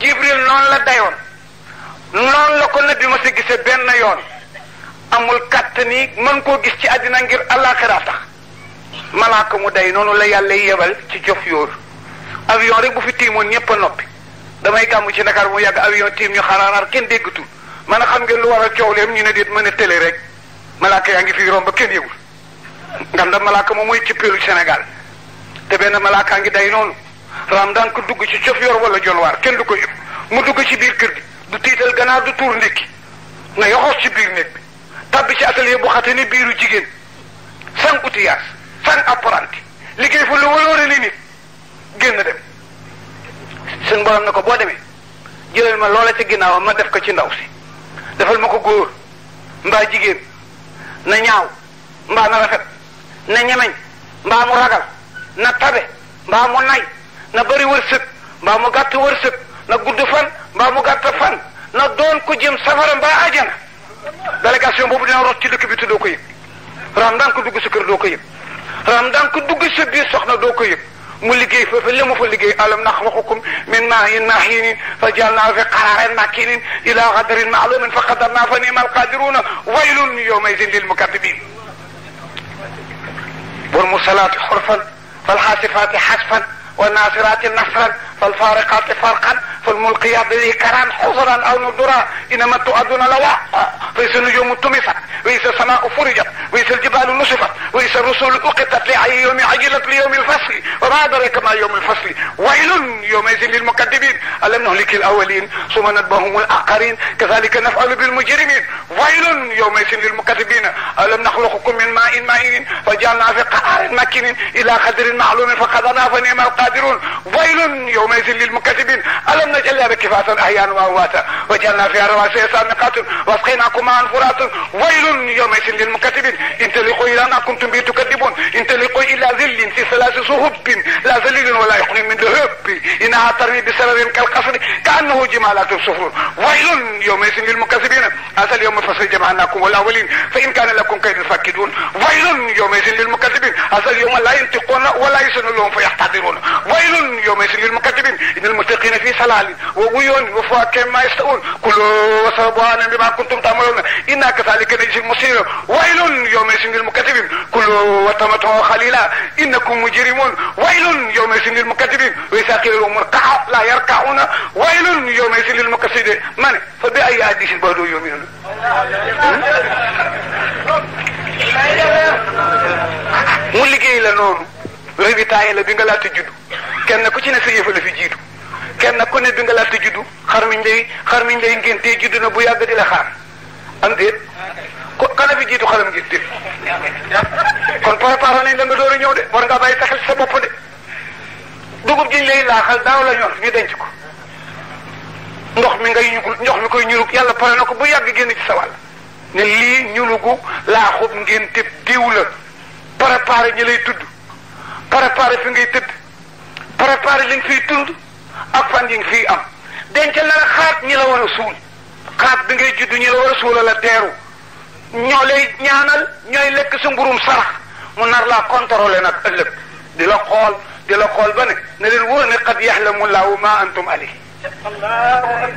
S1: jibril noonu la dayoon noonu la ko nabi ma sa gisee benn yoon amul kàtt ni mën koo gis ci àddina ngir àllaaxira tax malaaka mu day noonu la yàlla yebal ci jof yóor avion rek bu fi tiimoon ñëpp a noppi damay gàmm ci nakar mu yag avion tim ñu xaraaraar kenn déggatul man a xam ngeen lu war a coow ñu ne déet mën a télé rek malaaka yaa ngi fi romb kenn yëgul ndam da malaaka moom mooy cippeelu Sénégal te benn malaaka ngi day noonu raam daan ko dugg ci cof yor wala war kenn du ko yëg mu dugg ci biir kër gi du tiital ganaar du tuur ndékki na yoxoos ci biir néeg bi tàbbi ci atelier bu xate ni biiru jigéen sans outillage sans apprenti liggéey fa lu waloore ni nit génn dem si borom na ko boo demee jëlal ma loola ci ginnaawam ma def ko ci ndaw si defal ma ko góor mbaa jigéen na ñaaw mbaa na rafet na ñemeñ mbaa mu ragal na tabe mbaa mu nay na bari wërsëg mbaa mu gàtt wërsëg na gudd fan mbaa mu gàtt fan na doon ko jëm safara mbaa ajana délégation boobu dina rot ci dëkk bi doo ko yëg raam daan dugg si kër doo ko yëg raam daan dugg sa biir soxna doo ko yëg ملقي في فلم فلقي ألم نخلقكم من ماء ماهين فجعلنا في قرار ماكين إلى غدر معلوم فقدرنا فنيم القادرون ويل يومئذ للمكذبين والمرسلات حرفا فالحاسفات حسفا والناصرات نصرا فالفارقات فرقا فالملقيات ذي كران او ندرا انما تؤذن لواء فيس نجوم تمسا فيس سماء فرجت وإذا الجبال نصفت وإذا الرسل أقتت لأي يوم عجلت ليوم الفصل وما أدرك ما يوم الفصل ويل يومئذ للمكذبين ألم نهلك الأولين ثم نتبعهم الآخرين كذلك نفعل بالمجرمين ويل يومئذ للمكذبين ألم نخلقكم من ماء مائن فجعلنا في قعر مكين إلى قدر معلوم فقدرنا فنعم القادرون ويل يومئذ للمكذبين ألم نجعل لك كفاة أحيانا وأمواتا وجعلنا فيها رواسي سامقات واسقيناكم معا فرات ويل يومئذ للمكذبين انت لقوا الى ما كنتم به تكذبون انت لقوا الى ذل في سلاسل هب لا ذليل ولا يقني من ذهب انها ترمي بسبب كالقصر كانه جمالات صفور ويل يومئذ للمكذبين هذا اليوم الفصل جمعناكم والاولين فان كان لكم كيد فاكدون ويل يومئذ للمكذبين هذا اليوم لا ينطقون ولا يسن لهم فيحتضرون ويل يومئذ للمكذبين ان المتقين في سلال وغيون وفواكه ما يستؤون كلوا وسبحان بما كنتم تعملون انا كذلك نجزي المصير ويل يوم يسند المكتبين كل وطمت خليلا إنكم مجرمون ويل يوم يسند المكتبين ويساقل الأمور كعب لا يركعون ويل يوم يسند المكتبين من فبأي حديث بادو يوم يسند مولي لا نون ربي تعالى بنغلا تجد كأن كتنا سيفة لفجيد كأن كنا بنغلا تجد خرمين لي خرمين لي انكين تجدنا بيابة لخار أنت ko kana bi jiitu xalam ngi dégg kon préparé nañ la nga door a ñëw de war ngaa bàyyi taxel sa bopp de dugub jiñ lay laaxal daaw la ñor ñu denc ko ndox mi ngay ñugul ndox koy ñurug yàlla pare na ko bu yàgg génn ci sa wàll ne lii ñulugu laaxub ngeen tëb diw la préparé ñi lay tudd préparé fi ngay tëdd préparé ak fan yi nga fiy am dencal la xaat ñi la war a suul xaat bi ngay judd ñi la war a suula la teeru ñoo lay ñaanal ñooy lekk sa mburum sarax mu nar laa contrôlé nag ëllëg di la xool di la xool ba ne na leen wóor ne qad yaxlamu laahu ma antum ali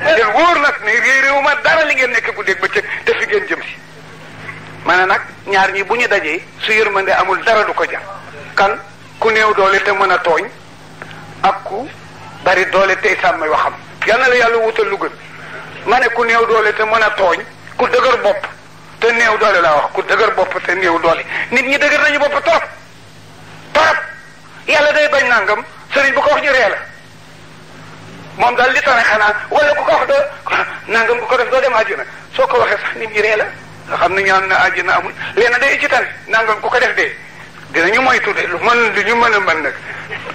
S1: leen wóor nag ne réeréew ma dara li ngeen nekk guddeeg bëccëg te fi ngeen jëm si ma ne nag ñaar ñi bu ñu dajee su yërmande amul dara du ko jar kan ku néew doole te mën a tooñ ak ku bari doole tey sàmmay waxam yal na la yàlla wutal lu gën ma ne ku néew doole te mën a tooñ ku dëgër bopp te néew doole laa wax ku dëgër bopp te néew doole nit ñi dëgër nañu bopp torop torop yàlla day bañ nangam sëriñ bu ko wax ñu ree moom daal li tane xanaa wala ku ko wax doo nangam ku ko def doo dem àjjana soo ko waxee sax nit ñi ree la nga xam ne ñaan na àjjana amul léegi day ci tane nangam ku ko def dee dinañu moytu de lu mën lu ñu mën a nag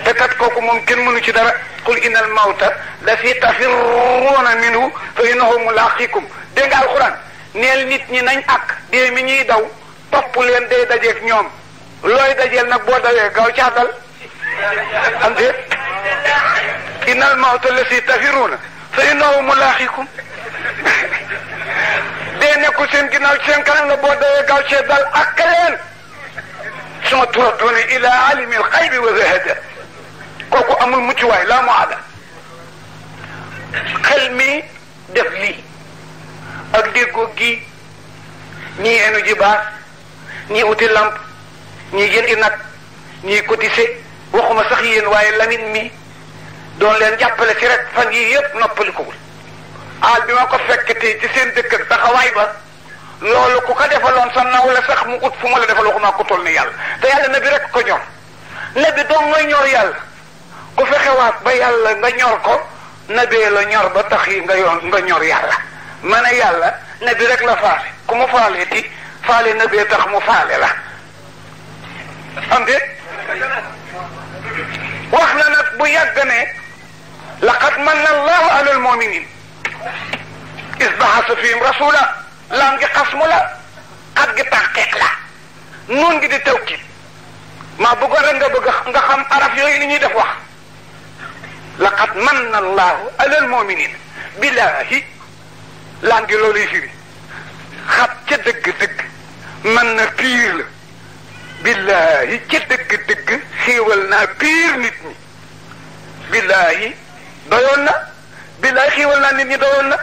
S1: te kat kooku moom kenn mënu ci dara qul innal mawta la fi tafirruuna minhu fa innahu mulaqikum dégg nga alquran neel nit ñi nañ ak dee mi ñuy daw topp leen day dajeeg ñoom looy dajeel nag boo dawee gaw caa dal am déet inal mawta lasi tafiruna fa innahu mulaaxikum dee nekkul seen ginnaaw ci seen kanam la boo dawee gaw cee dal ak leen suma turadduuna ila alimi alxaybi wa zahada kooku amul mucc waay laa mu aada xel mi def lii ak déggoo gi ñii enu ji baas ñii uti lamp ñii jëndi nag ñii cotiser waxuma sax yéen waaye Lamine mi doon leen jàppale ci rek fan yii yëpp noppalikowul aal bi ma ko fekk ci seen dëkk ak taxawaay ba loolu ku ko defaloon sa naw la sax mu ut fu ma la defal waxuma ku toll ni yàlla te yàlla na bi rek ko ñor na bi dong mooy ñor yàlla ku fexewaat ba yàlla nga ñor ko na bee la ñor ba tax yi nga yoon nga ñor yàlla ma ne yàlla ne bi rek la faale ku mu faale ti faale na bee tax mu faale la am de wax na nag bu yàgg ne laqad manna allahu ala almuminin is bahasa fihim rasula laam gi xasmu la xat gi tàqiq la nun gi di tawkid maa bëggoon rek nga bëgg nga xam araf yooyu li ñuy def wax laqad manna allahu ala almuminin billahi laan gi looluy firi xat ca dëgg-dëgg man na piir la billaahi ca dëgg-dëgg xéewal naa piir nit ñi billaahi doyoon na billaahi xéewal naa nit ñi doyoon na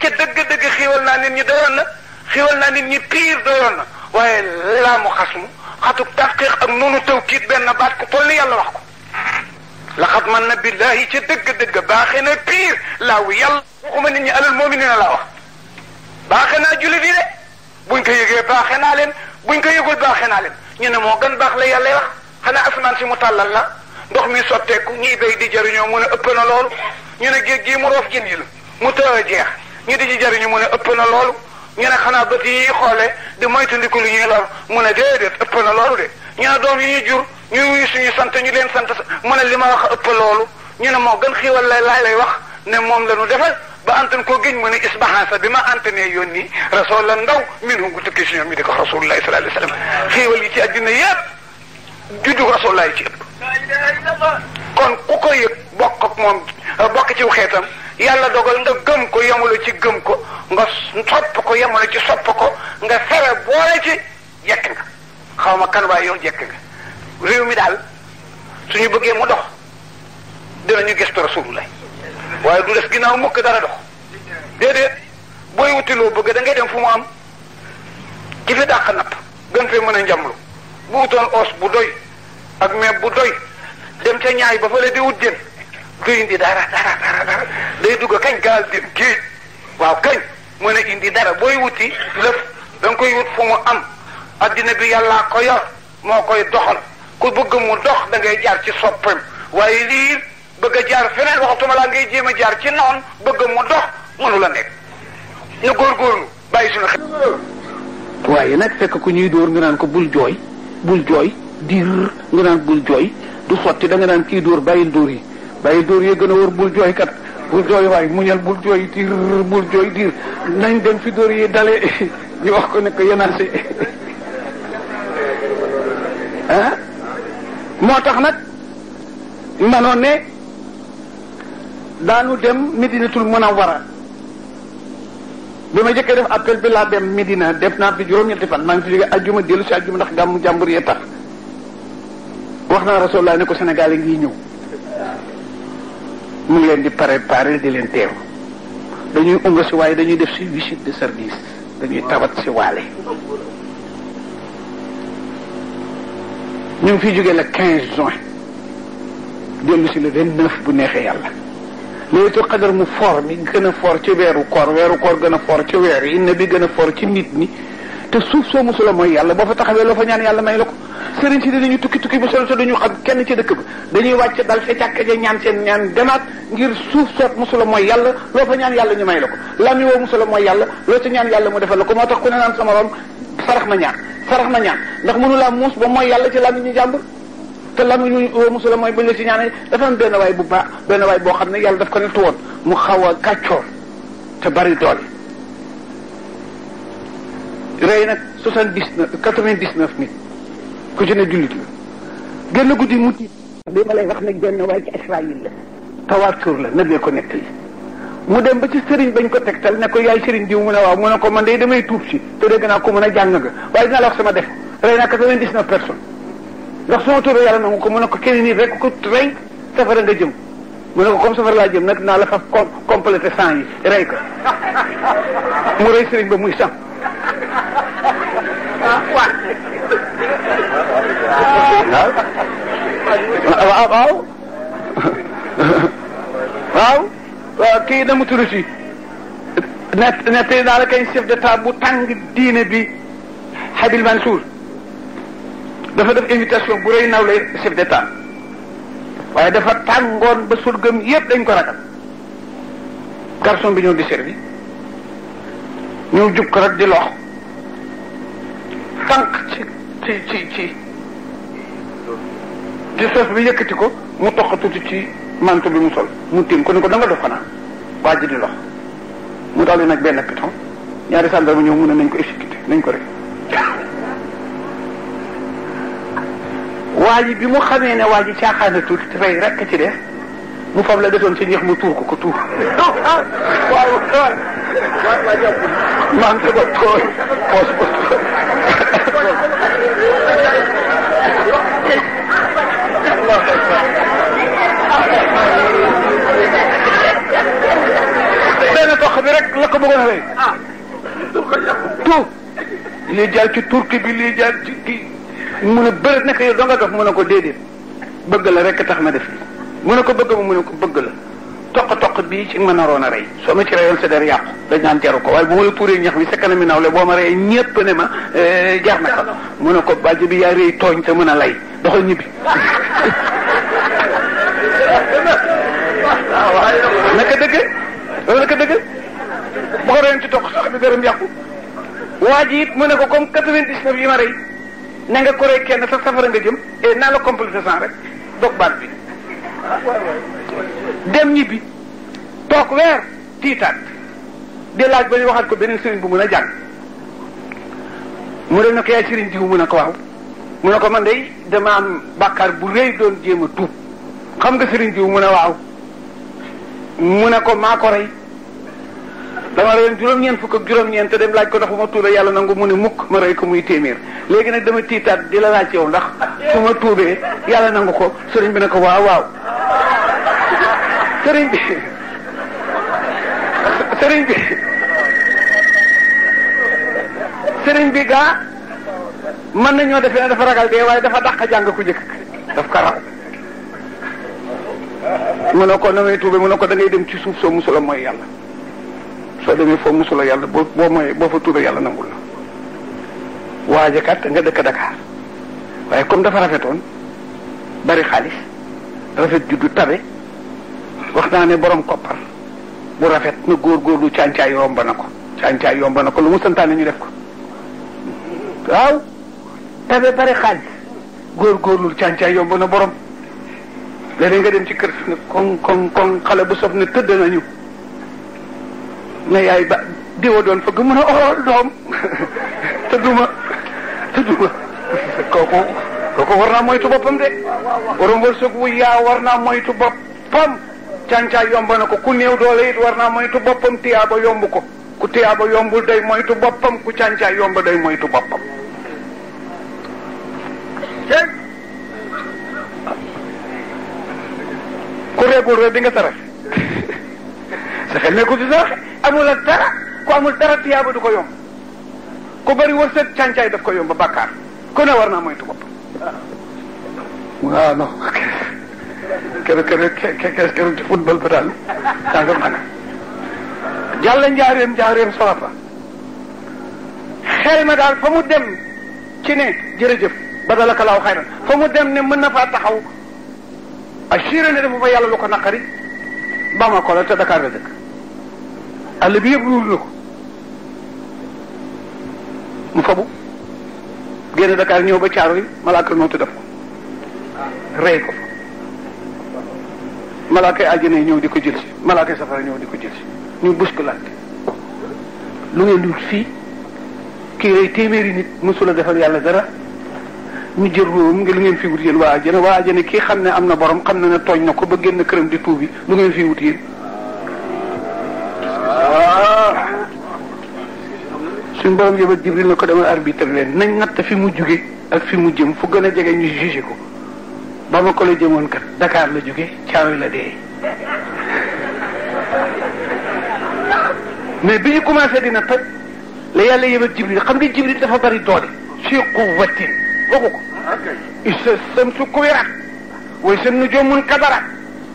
S1: ca dëgg-dëgg xéewal naa nit ñi doyoon na xéewal naa nit ñi piir doyoon na waaye laa mu xas mu xatuk tafqiq ak noonu tawkiit benn baat ko toll ni yàlla wax ko laqad man na billaahi ca dëgg-dëgg baaxee na piir laaw yàlla waxuma nit ñi alal moomi nee na laa wax baaxe naa jullit yi de buñ ko yëgee baaxe naa leen buñ ko yëgul baaxe naa leen ñu ne moo gën baax la yàlla wax xanaa asamaan si mu tàllal la ndox mi sotteeku ñuy béy di jariñoo mun a ëpp na loolu ñu ne géej gii mu roof jën yi la a jeex ñu di ci jariñu mun a ëpp na loolu ñu ne xanaa bët yi xoolee di moytandiku lu ñuy lor mu ne déedéet ëpp na loolu de ñu ne doom yi ñu jur ñu wuyu suñu sant ñu leen sant mu ne li ma wax ëpp loolu ñu ne moo gën xiiwal lay laay lay wax ne moom la ñu defal ba antan koo géñ mu ne isbahan sa bi ma antanee yónni rasul la ndaw min hu tukki si ñoom mi di ko rasulullah sallallahu alayhi wa sallam xéewal yi ci àddina yépp juddu rasulullah ëpp kon ku ko yëg bokk ak moom bokk ci xeetam yàlla dogal nga gëm ko yamalo ci gëm ko nga sopp ko yamalo ci sopp ko nga fere boole ci jekk nga xaw ma kan yow jekk nga réew mi daal suñu bëggee mu dox dinañu gëstu rasulullah waaye du def ginnaaw mukk dara dox déedéet booy wuti loo bëgg da ngay dem fu mu am ki fi dàq napp gën fee mën a njamlu bu wutoon os bu doy ak meeb bu doy dem ca ñaay ba fële di wut jën du indi dara dara dara day dugg kañ gaal dem géej waaw kañ mën a indi dara booy wuti lëf da koy wut fu mu am addina bi yàllaa ko yor moo koy doxal ku bëgg mu dox da ngay jaar ci soppam waaye lii bëgg a jaar feneen waxatuma laa ngay jéem a jaar ci noon bëgg mu dox mënu nekk ñu góorgóorlu bàyyi suñu xel. waaye nag fekk ku ñuy dóor nga naan ko bul jooy bul jooy diir nga naan bul jooy du sotti da nga naan kii dóor bàyyil dóor yi bàyyil dóor yee gën a wër bul jooykat kat bul jooy waay muñal bul jooy diir bul jooy diir nañ dem fi dóor yi dale ñu wax ko ne yenaase ah? moo tax nag manoon ne daanu dem mën a Munawwara bi ma jëkkee def appel bi laa dem Medina def naa fi juróom-ñetti fan maa ngi fi jóge ajjuma dellu si ajjuma ndax gàmmu jàmbur yee tax wax naa Rasulullah ne ko Sénégal yi ngi ñëw mu ngi leen di préparer di leen teew dañuy unga si waaye dañuy def si visite de service dañuy tawat si waale ñu fi jógee la 15 juin dellu si le 29 bu neexee yàlla laylatul qadar mu for mi gën a for ci weeru koor weeru koor gën a for ci weer yi bi gën a for ci nit ñi te suuf soo mosula mooy yàlla boo fa taxawee loo fa ñaan yàlla may la ko sëriñ si dañu tukki tukki bu solo te duñu xam kenn ci dëkk ba dañuy wàcc dal ca càkk ja ñaan seen ñaan demaat ngir suuf soot mosula mooy yàlla loo fa ñaan yàlla la ko lami woo mosula mooy yàlla loo ca ñaan yàlla mu defal la ko moo tax ku ne naan sama rom sarax ma ñaan sarax ma ñaan ndax mënu muus ba mooy yàlla ci lami ñu jàmbur te la mu ñu wóor mosu la mooy bu ñu ci ñaanee dafa am benn waay bu baax benn waay boo xam ne yàlla daf ko natt woon mu xaw a gàccoor te bari doole rey nag soixante dix neuf quatre vingt dix neuf nit ku ci ne jullit la génn guddi mu tiit bi ma lay wax nag benn waay ci Israël la tawatur la nabee ko nekk yi mu dem ba ci sëriñ bañ ko tegtal ne ko yaay sëriñ diw mu ne waaw mu ne ko man de damay tuub si te dégg naa ko mën a jàng nga waaye dinaa la wax sama def rey naa quatre vingt dix neuf personnes ndax sama tur yàlla nangu ko mu ne ko kenn nii rek ko rey safara nga jëm mu ne ko comme safara laa jëm nag naa la fas complété sang yi rey ko mu rey sëriñ ba muy sang waaw waaw waaw waaw kii na mu turu si net net naa la kay chef d'état bu tàng diine bi Habil Mansour dafa def invitation bu rëy naw lay chef d'état waaye dafa tàngoon ba sol gëm yépp dañ ko ragal garçon bi ñoo di servi ñëw jub ko rek di lox fànq ci ci ci ci ci sos bi yëkkati ko mu toq tuuti ci mantu bi mu sol mu tiim ko ni ko da nga dof xanaa waa ji di lox mu daal di nag benn piton ñaari sàndarma ñëw mu ne nañ ko exécuté nañ ko rek waa bi mu xamee ne waa ji te fay rek ci def mu fab la desoon ci ñeex mu tuur ko ko tuur waaw maa ngi ko tooy poos ba benn dox bi rek la ko bëggoon a rey tuur lii jaar ci turki bi lii jaar ci kii mu ne bërët nekk yow nga dof mu ne ko déedéet bëgg la rek tax ma def mu ne ko bëgg ma mu ne ko bëgg la toq toq bii ci ma naroon a rey soo ma ci reyoon sa der yàqu dañ naan jaru ko waaye bu ma la tuuree ñax mi sa kanami le boo ma reyee ñépp ne ma jar na ko mu ne ko bàjj bi yaa réy tooñ te mën a lay doxal ñibbi naka dëgg loolu naka dëgg bu ko reyoon ci toq sax bi deram yàqu waa ji it mu ne ko comme 99 yi ma rey na ko rey kenn sax safara nga jëm et eh, naa la complété sans rek dog bi dem ñibbi toog weer tiitaat di laaj ba ñu waxaat ko beneen sëriñ bu mën a jàng mu dem na ko yaay sëriñ diw mu ne ko waaw mu ne ko man day dama am bàkkaar bu rëy doon jéem a tuub xam nga sëriñ diw mu ne waaw mu ne ko maa ko rey dama reen juróom ñeen fukk ak juróom-ñeent te dem laaj ko ndax bu ma tuubee yàlla nangu ne mukk ma rey ko muy téeméer léegi nag dama tiitaat di la laaj ndax su ma tuubee yàlla nangu ko sëriñ bi ne ko waaw waaw sëriñ bi sëriñ bi sëriñ bi gaa mën nañoo defee ne dafa ragal dee waaye dafa dàq jàng ku njëkk daf ko raw mu ne ko na may tuube mu ne ko da dem ci suuf soo musula mooy yàlla soo demee foo musula yàlla boo boo mooy boo fa tuubee yàlla nangul la waaja nga dëkk Dakar waaye comme dafa rafetoon bari xaalis rafet juddu tabe wax naa ne borom koppar bu rafet na góorgóorlu càncaay yomb na ko càncaay yomb na ko lu mu santaane ñu def ko waaw tabe bari xaalis góorlu càncaay yomb na borom léeg-léeg nga dem ci kër ne koŋ koŋ koŋ xale bu sof ne tëdd nañu ne yaay ba diwa doon fëgg mu ne oh doom te duma te duma kooku kooku war naa moytu boppam de borom wërsëg wu yaa war naa moytu boppam càncaa yomb na ko ku néew doole it war naa moytu boppam tiyaaba yomb ko ku tiyaaba yombul day moytu boppam ku càncaa yomb day moytu boppam ku reegul rek di nga sa xel ne ko ci saraxe amul ak dara ku amul dara tiyaaba du ko yomb ku bari wërsëg càncaay daf ko yomb bàkkaar ku ne war naa moytu bopp waaw non keroog keroog keroog keroog ci football ba daal sàngam xana jàll njaareem njaareem solo fa xel ma daal fa mu dem ci ne jërëjëf badalaka laaw xayran fa mu dem ne mën na faa taxaw assuré ne dafa fa yàlla lu ko naqari ba ma ko la te Dakar la dëkk àll bi yëpp ruur na ko mu fabu génn Dakar ñëw ba caaro yi malaaka nootu def ko rey ko fa malaaka yi ñëw di ko jël si malaaka yi safara ñëw di ko jël si ñu buskulante lu ngeen dut fii kii rey téeméeri nit mosula defal yàlla dara ñu jël mu ngi lu ngeen fi wut yéen waa àjjana waa àjjana kii xam ne am na borom xam na ne tooñ na ko ba génn këram di tuubi lu ngeen fi wut yéen suñu borom yeba jibril nako ko demal arbitre len nañ nat fi mu jugge ak fi mu jëm fu gëna jege ñu jugé ko ba ma ko la jëmon kat Dakar la jugge caawi la dé mais bi ñu commencé di natt la yàlla yeba jibril xam nga jibril dafa bari doole fi quwwatin bako ko isa samsu kuwirat way sa nujumun kadarat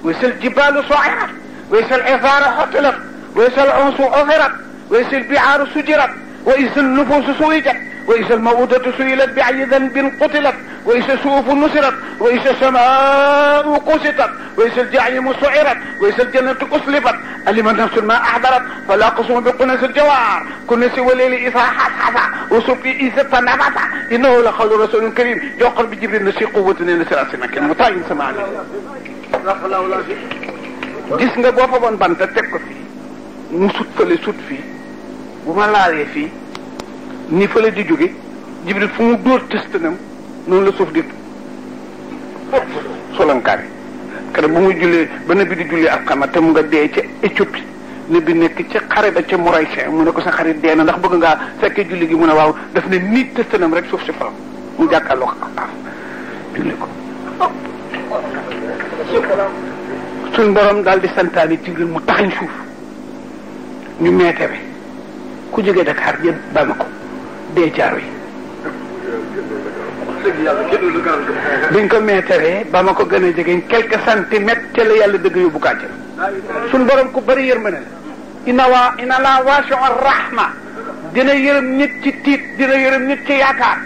S1: way sel jibalu su'ira way sel ifara xotilat way sel unsu ofirat way sel bi'aru sujirat وإذا النفوس سويجت وإذا الموتة سئلت بأي ذنب قتلت وإذا سوف نسرت وإذا السماء قسطت وإذا الجحيم سعرت وإذا الجنة أسلفت ألم نفس ما أحضرت فلا قسم بقنس الجوار كنس وليل إذا حصحص وسبي إذا تنفس إنه لقول رسول كريم يقر بجبريل نسي قوة نسي رأسنا كان متاين سمعني جسنا nga boo fa bon banta bu ma laalee fii ni fële di jóge jibril fu mu dóor tëstanam noonu la suuf di solankaar yi keroog bu mu jullee ba nabi di jullee ak xama te mu nga dee ca Éthiopie nabi nekk ca xare ba ca moray mu ne ko sa xarit dee na ndax bëgg ngaa fekkee julli gi mu ne waaw daf ne nii tëstanam rek suuf si faram mu jàkkaarloo ko ak xaaf julli ko suñ borom daal di santaane jibril mu taxañ suuf ñu meetare ku jógee Dakar jëm Bamako dee caaro yi. biñ ko meetaree ba ma ko gën a jegeñ quelques centimètres te la yàlla dëgg yóbbu kàcce suñ borom ku bëri yërmande la ina waa ina laa waasiu rahma dina yërëm nit ci tiit dina yërëm nit ci yaakaar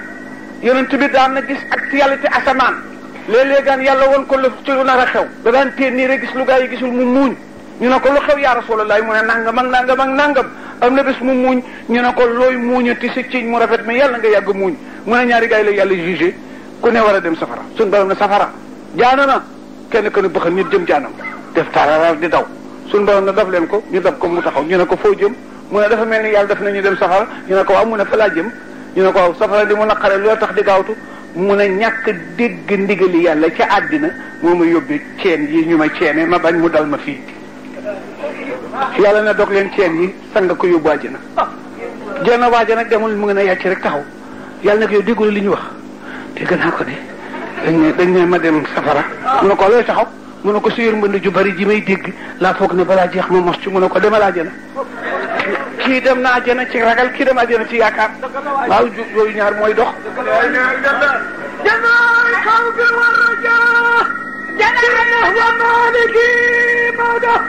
S1: yonent bi daan na gis ak yàlla ci asamaan léeg-léeg daan yàlla woon ko ci lu nar a xew da daan téen nii rek gis lu gaa yi gisul ñu ne ko lu xew yaa rasulallah mu ne nangam ak nangam ak nangam am na bés mu muuñ ñu ne ko looy ti sa ciñ mu rafet mais yàlla nga yàgg muuñ mu ne ñaari gars yi la yàlla jugé ku ne war a dem safara suñ borom na safara jaana na kenn ku ne bëxal nit jëm jaanam def tararal di daw suñ borom ne daf leen ko ñu daf ko mu taxaw ñu ne ko foo jëm mu ne dafa mel ni yàlla def nañu dem safara ñu ne ko waaw mu ne fa laa jëm ñu ne ko waaw safara di mu naqare loo tax di gaawtu mu ne ñàkk dégg ndigali yàlla ca àddina moo ma yóbbee ceen yi ñu ma ceene ma bañ mu dal ma fii yàlla na dog leen ceen yi sang ko yóbbu àjjana jenn waaja nag demul mu ngi ne yàcc rek taxaw yàlla na ko yow li ñu wax dégg naa ko de dañ ne dañ ma dem safara mu ne ko looy taxaw mu ne ko suyur mbënd ju bari ji may dégg laa foog ne balaa jeex moom mos ci mu ne ko demal àjjana kii dem na àjjana ci ragal kii dem àjjana ci yaakaar waaw ju yooyu ñaar mooy dox جلعله ومالكي موته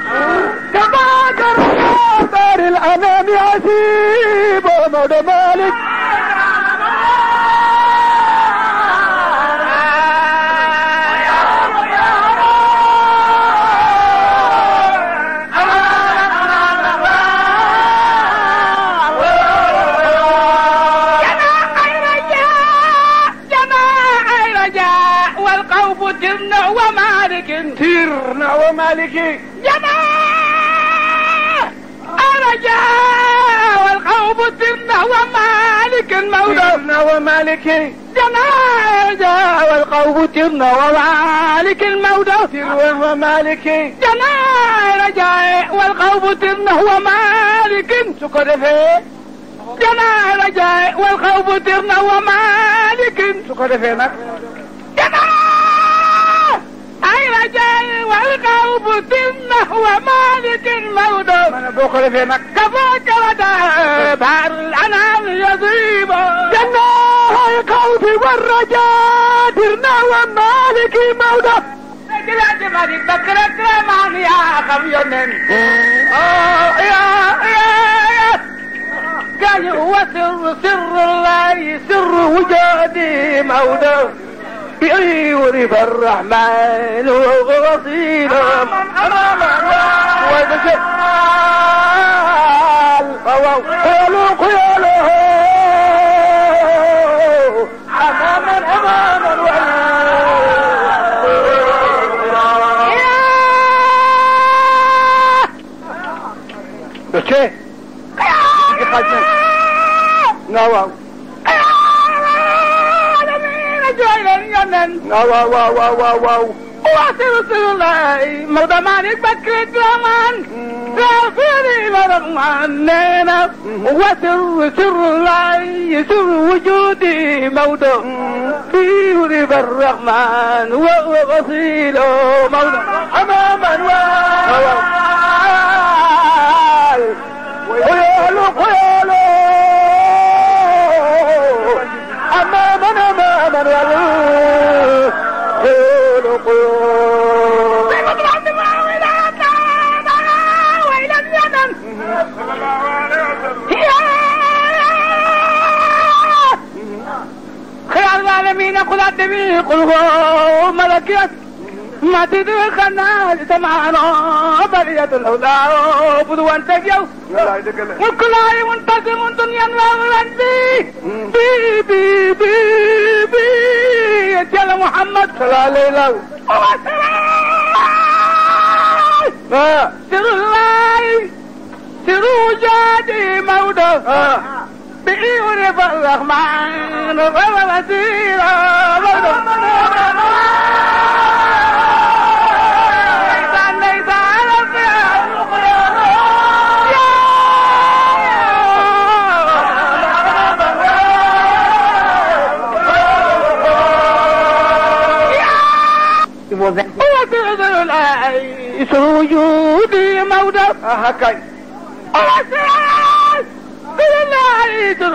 S1: تبادر قادر الأمام عسيب وموت مالك ذلك جمال الرجاء والخوف الذمة ومالك المولى ومالك جناجة والقوم ترنا ومالك الموت وهو مالك جناجة والقوم ترنا ومالك شكر فيه جناجة والقوم ترنا ومالك شكر فيه جناجة الرجاء والقلب ثم هو مالك الموت من بخل في مكة فوق ودابار الأنام يصيب جناه القلب والرجاء درنا ومالك الموت يا مري يا رمان يا آه، خميون يا يا يا قال هو سر سر الله سر وجودي مولود بأيورب الرحمن وغصينا ويبشر قالوا قياله أماما أماما بچه نواو leen. waaw waaw waaw waaw waaw. waa Seydou Seydou Ndiaye Maodo maa nekk ba crédit amaan. Mm. waaw Seydou Ibrahima maa nee na. waa Seydou Seydou Ndiaye Seydou wujudi Maodo. Seydou mm-hmm. Ibrahima wa wa Seydou Maodo. amaa man waaw. حين خذت به قلوب ملكيت ما تدرك الناس سمعنا بلية الهدى بدوا انتجوا وكل عالم منتظم دنيا الله بي بي بي بي بي جل محمد صلى الله عليه وسلم سر الله سر جادي موته آه. रहानू मौज ह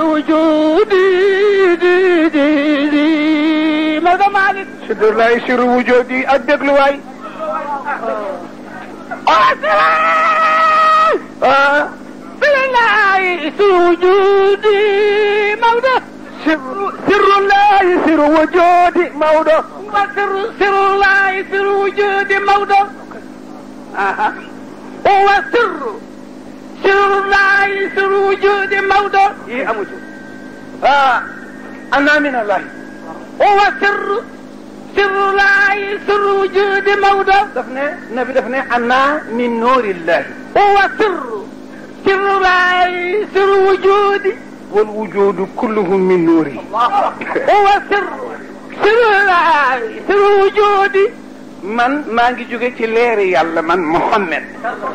S1: وجودي دي دي دي ماذا معلش شدر لا يشير وجودي قدك لواي اه, آه. يسر وجودي موضة سر لا يسر وجودي موضة سر لا يسر وجودي موضة اها سر الله سر وجود موضع يأم إيه، وجود آه، أنا من الله هو سر سر لا سر وجود موضع دفنه نبي دفنه أنا من نور الله هو سر سر لا سر وجود والوجود كله من نوري هو سر سر لا سر وجودي من ما نجي jóge ci leeri yàlla man Muhammad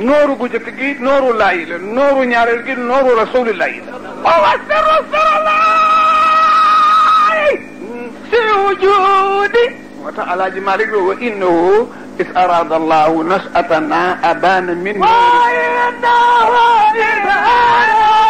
S1: نور بجتكي نور لايل نور نياركي نور رسول لايل او اثر رسول الله في وجودي وتعالى جمالك هو اذ اراد الله نشأتنا ابان منه وإذا وإذا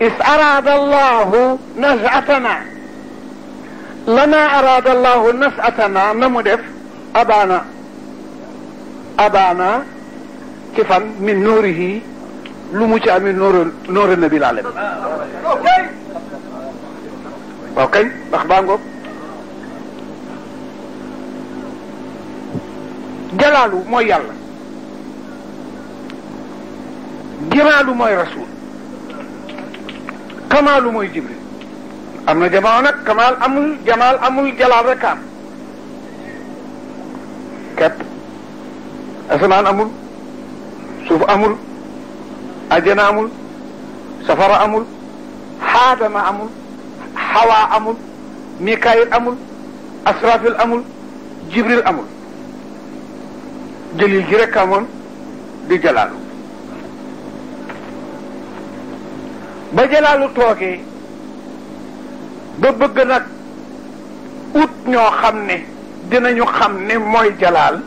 S1: إذ أراد الله نزعتنا لما أراد الله نزعتنا نمدف أبانا أبانا كيفا من نوره لمجا من نور نور النبي العالم اوكي اخبانكم جلاله ما يلا جلاله ما رسول كمال موي جبريل امنا جماعنا كمال امول جمال امول جلال رك ام اسمان امول سوف امول اجنا امول سفر امول حادم امول حوا امول ميكائيل امول اسراف امول جبريل امول جليل جي بجلاله ba jalaalu toogee ba bëgg nag ut ñoo xam ne dinañu xam ne mooy jalaal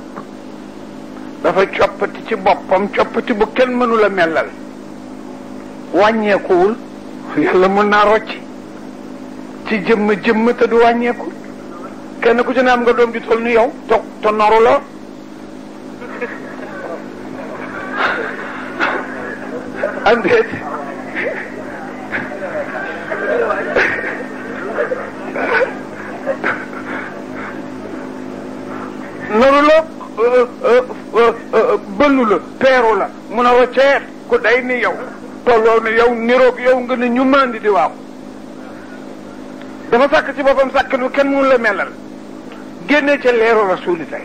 S1: dafa coppati ci boppam coppati bu kenn mënul melal mellal wàññeekuwul yàlla mën naa rocci ci jëmm jëmm te du wàññeeku kenn ku ci ne am nga doom ju toll ni yow toog te noru la am wóoru la bënnu la peeru la mu ne wa ceer ku day ni yow tolloo ni yow niroog yow nga ne ñu mandi di waaw dafa sàkk ci boppam sàkk nu kenn mun la melal génne ca leeru rasul tey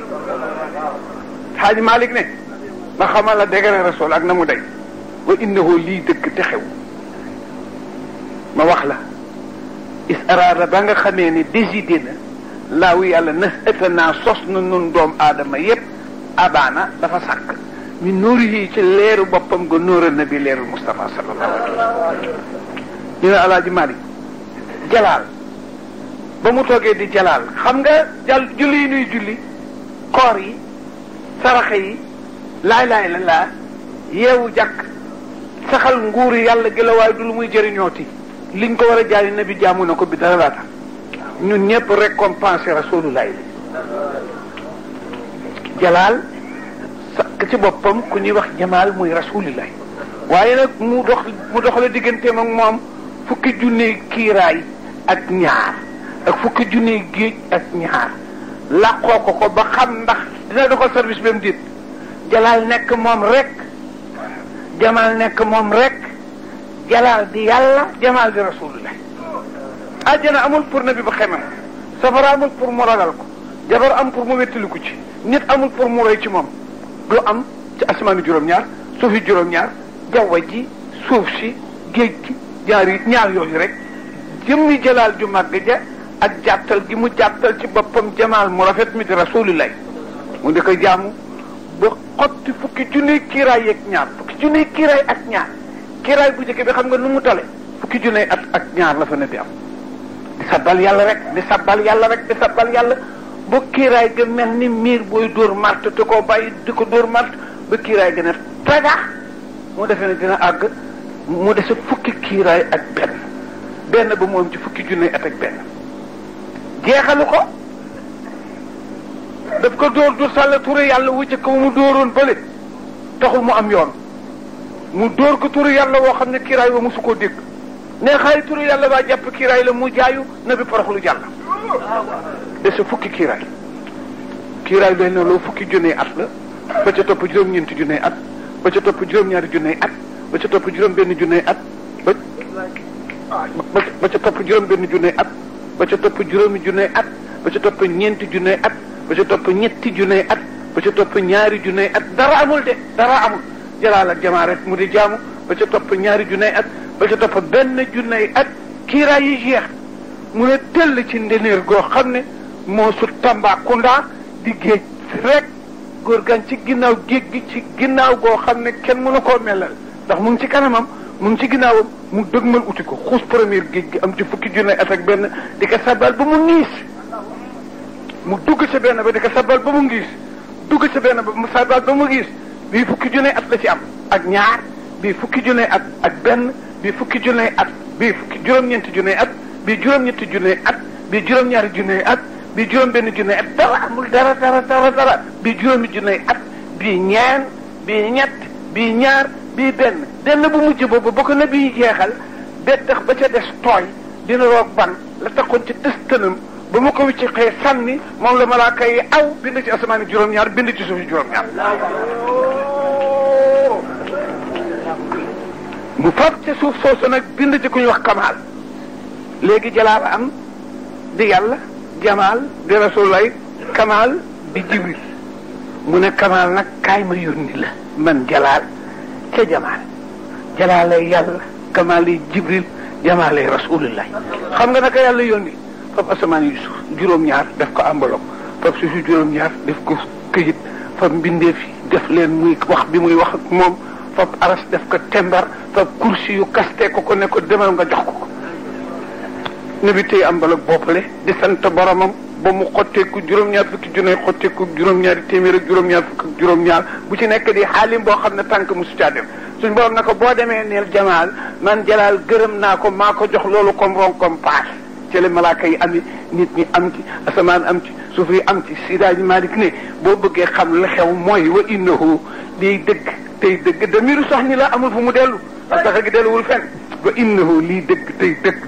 S1: xaaj malik ne ma xamal la degere rasul ak na mu day wa innahu lii dëgg te xew ma wax la is araada ba nga xamee ne décidé na laawu yàlla nas naa sos na nun doom aadama yépp abaana dafa sàkk mi nuuru yi ci leeru boppam nga nóoral na bi leeru Mustafa sallallahu alayhi wa sallam ñu ne alaaji Malik jalaal ba mu toogee di jalaal xam nga jal julli yi nuy julli koor yi saraxa yi laay laay la laa yeewu jàkk saxal nguuru yàlla gi la du lu muy jëriñooti liñ ko war a jaari nabi jaamu na ko bi dara laa tax ñun ñëpp récompenser rasulullah jalal sakk ci boppam ku ñuy wax jamaal muy rasulullah waaye nag mu dox mu doxale digganteem ak moom fukki junne kiiraay ak ñaar ak fukki junne géej ak ñaar làqoo ko ko ba xam ndax dina service bi dit jalal nekk moom rek jamal nekk moom rek jalal di yàlla jamal di rasulullah àjjana amul pour nabi ba xemam safara amul pour mu ragal ko jabar am pour mu wettaliku ci nit amul pour mu roy ci moom du am ci asamaanu juróom-ñaar suufi juróom-ñaar jawwa ji suuf si géej gi ñaar yi ñaar yooyu rek jëmmi jalaal ju màgg ja ak jàttal gi mu jàttal ci boppam jamaal mu rafet mi di rasulillah mu di ko jaamu ba xotti fukki junniy kiiraay yeeg ñaar fukki junniy kiiraay ak ñaar kiiraay bu njëkk bi xam nga nu mu tale fukki junniy at ak ñaar la fa am di yàlla rek di sabbal yàlla rek di yàlla ba kiiraay ga mel ni miir booy dóor mart te koo bàyyi di ko dóor mart ba kiiraay gën a tagax mu defee ne dina àgg mu dese fukki kiiraay ak benn benn ba moom ci fukki junne at ak benn jeexalu ko daf ko dóor du sàll turu yàlla wu jëkk mu dóoroon bële taxul mu am yoon mu dóor ko turu yàlla woo xam ne kiiraay ba su koo dégg ne xaay turu yàlla baa jàpp kiiraay la mu jaayu na bi poroxlu jàll dese fukki kiiraay kiiraay lay ne loo fukki junne at la ba ca topp juróom-ñeenti junne at ba ca topp juróom-ñaari junne at ba ca topp juróom-benn junne at ba ba ca topp juróom-benn ca topp juróomi ñeenti junne at ba ca topp at ba ñaari junne at dara amul de dara amul. jalaal ak jamaarat mu di jaamu ba ca topp ñaari junney at ba ca topp benn junney at kiiraay yi jeex mu ne tëll ci ndeneer goo xam ne moo su Tambacounda di géej rek góor gan ci ginnaaw géej gi ci ginnaaw goo xam ne kenn mënu koo melal ndax mu ngi ci kanamam mu ngi ci ginnaawam mu dëgmal uti ko xuus premier géej gi am ci fukki junne at ak benn di ko sabal ba mu niis mu dugg ca benn ba di ko sabal ba mu ngiis dugg ci benn ba mu sabal ba mu ngiis bii fukki junne at la ci am ak ñaar bii fukki junne at ak benn bii fukki junne at bii fukki juróom-ñeenti junne at bii juróom-ñetti junne at bii juróom-ñaari junne at bii juróom-benn junne at dara amul dara dara dara dara bii juróomi junne at bii ñeen bii ñett bii ñaar bii benn benn bu mujj boobu ba ko na bii jeexal bettax ba ca des tooy dina roog ban la taxoon ci tëstanam ba mu ko wicci xëy sànni moom la ma laa yi aw bind ci asamaani juróom-ñaar bind ci suufi juróom mu fab ca suuf soosu nag bind ci ku ñu wax kamaal léegi jalaal am di yàlla jamaal di rasulay kamaal di jibril mu ne kamaal nag kaay ma yónni la man jalaal ca jamaal jalaalay yàlla kamaalay jibril jamaalay rasulillah xam nga naka yàlla yónni fab asamaan yu suuf juróom-ñaar def ko enveloppe fab suuf juróom-ñaar def ko këyit fab mbindeef fi def leen muy wax bi muy wax ak moom fab aras def ko tembar fab kursi yu kaste ko ko ne nga jox ko ko ne bi tey am bala boppale santa sant boromam ba mu xotteeku juróom-ñaar fukki junne xotteeku juróom-ñaari téeméer ak juróom-ñaar fukki juróom-ñaar bu ci nekk di xaalim boo xam ne tànk mosu caa dem na ko boo demee neel jamaal man jalaal gërëm naa ko maa ko jox loolu comme ron comme paas ci la malaaka yi am nit ñi am ci asamaan am ci suuf yi am ci sidaaji Maalik ne boo bëggee xam la xew mooy wa innahu di dëgg تي دك دمير صح نلا أمر في موديلو أتاك جدال ولفن وإنه لي دك تي دك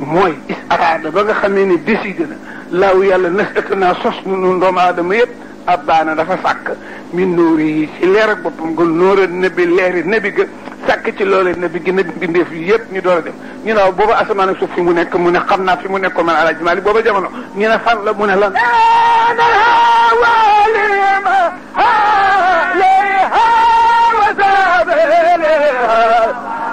S1: موي إس أراد بقى خميني ديسيدنا لا ويا لنستكنا صوص نون دوم آدم يب أبانا دفا فاك من نوري سيليرك بطم قل نور النبي ليري النبي قل sakki ci loolu ne bi gën a bind fi yépp ñu door a dem ñu ne booba asamaan ak suuf fi mu nekk mu ne xam naa fi mu nekk भेवा